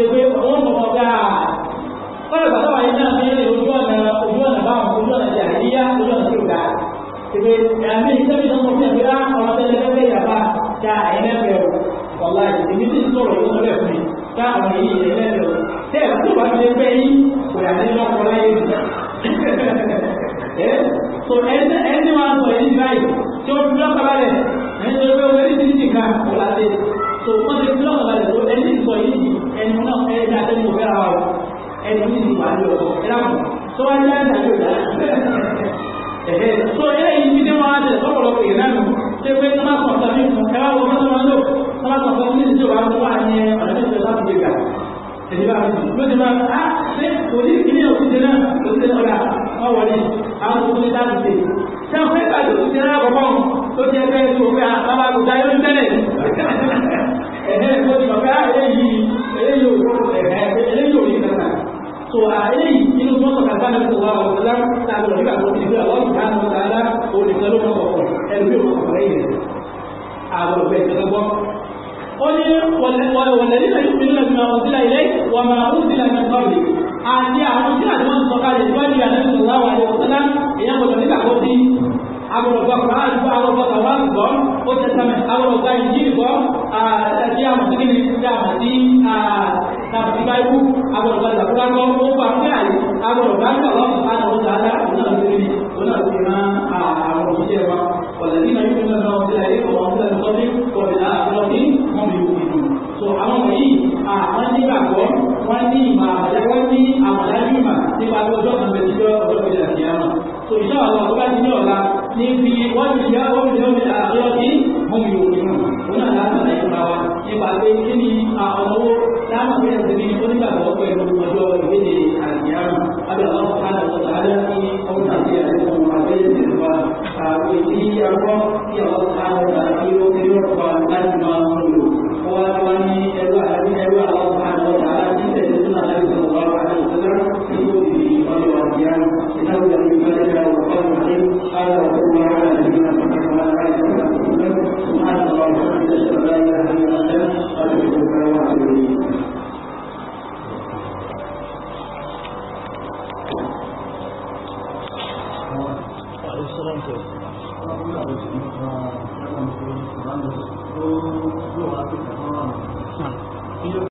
ṣe pé wọ́n mọ̀ ọ́ gáà wọ́n lè bàtà wáyé náà bí ojú ọ̀nà ojú ọ̀nà báwọn ojú ọ̀nà jà níyà ojú ọ̀nà tí ò dáa ṣèpè àmì ìṣẹ́bí náà mọ̀ fún ẹ̀fẹ́ á ah, ọ̀rọ̀ tẹ́lẹ̀ lẹ́fẹ́ yàrá dá ẹ̀lẹ́fẹ́ o ọ̀la ìṣèmí tí sọ̀rọ̀ yóò lọ́lẹ̀ fún mi dá àwọn èyí ẹ̀lẹ́fẹ́ o tẹ́ ẹ̀ tó bá ti pẹ́ yín kò yà ní lọ́kọ láyé mi. ẹni náà fẹ́ dá sẹ́ni kò fẹ́ra wa ẹni tí ti wà ní ọ̀pọ̀ ẹ̀rá mọ̀ tó wá dá ìdá yóò dá ẹ̀hẹ́ tó eléyìí ti dé wọn á jẹ lọ́pọ̀lọpọ̀ ìrìn ṣé pé tó má sọ ọ̀sán mi fún ẹ wá wọn lò tó má sọ ọ̀sán mi ti wà á wà ní ọ̀nà tó ti sọ ti bá mi ti máa ah, ṣe òní ìdílé òṣìṣẹ́ náà òṣìṣẹ́ ọ̀gá náà kò ti eléyìí ò gbọ́dọ̀ ẹ̀ eléyìí ò ní kàtà so eléyìí inú tí wọ́n sọ̀kà bá nàbí wà ọ̀sọ̀lá tàbí nígbà tó ti gbé ọlọ́run bá nàbí sàlá olùkọ́ ló mọ̀ ọ̀pọ̀ ẹlòmí ò mọ̀ lẹ́yìn rẹ̀ àwọn ọ̀bẹ ìjọba gbọ́. ó ní wọ̀lẹ́lí náà yóò pinnu lẹ́nu àwọn òsìlá ilé wà máa ń sílẹ̀ ní sọ́ọ̀lì àti àwọn òsìlá tí wọ́n sọ̀kà lè wá ní àná amọ̀rọ̀gbà kùránì gbọ́ amọ̀rọ̀gbà kàwáàbù gbọ́ ó tẹ̀sánmẹ̀ amọ̀rọ̀gbà ìjìnlẹ̀ gbọ́ àti àmọ̀síkìnì dàmàtí dàmàtí báyìí amọ̀rọ̀gbà ìgbàkúrá gbọ́ ó gbà pé àyè amọ̀rọ̀gbà ìgbàlọ́ àti àwọn ọ̀dà والذين يؤمنون بما أنزل إليك وما أنزل من قبلك وبالآخرة هم يؤمنون. So àwọn wọ̀nyí àwọn nígbàgbọ́ wọ́n ní ìmọ̀ àbàjẹ́ wọ́n ní àmọ̀dájú ìmọ̀ nípa ọjọ́ kan bẹ̀rẹ̀ níbi wọ́n ti yá omi ní omi àárọ̀ ní wọ́n mi ò rí mọ̀ wọn náà láti ní ìfura wa nípa pé kí ni àwọn owó táwọn fi ẹsẹ̀ ní onígbàgbọ́ pẹ̀lú ọjọ́ ìwéde àgbéyàwó abẹ́rẹ́ wọn kọ́ àdàkọ́ àdàkọ́ ní ọ̀nà àti àdàkọ́ àbẹ́yẹ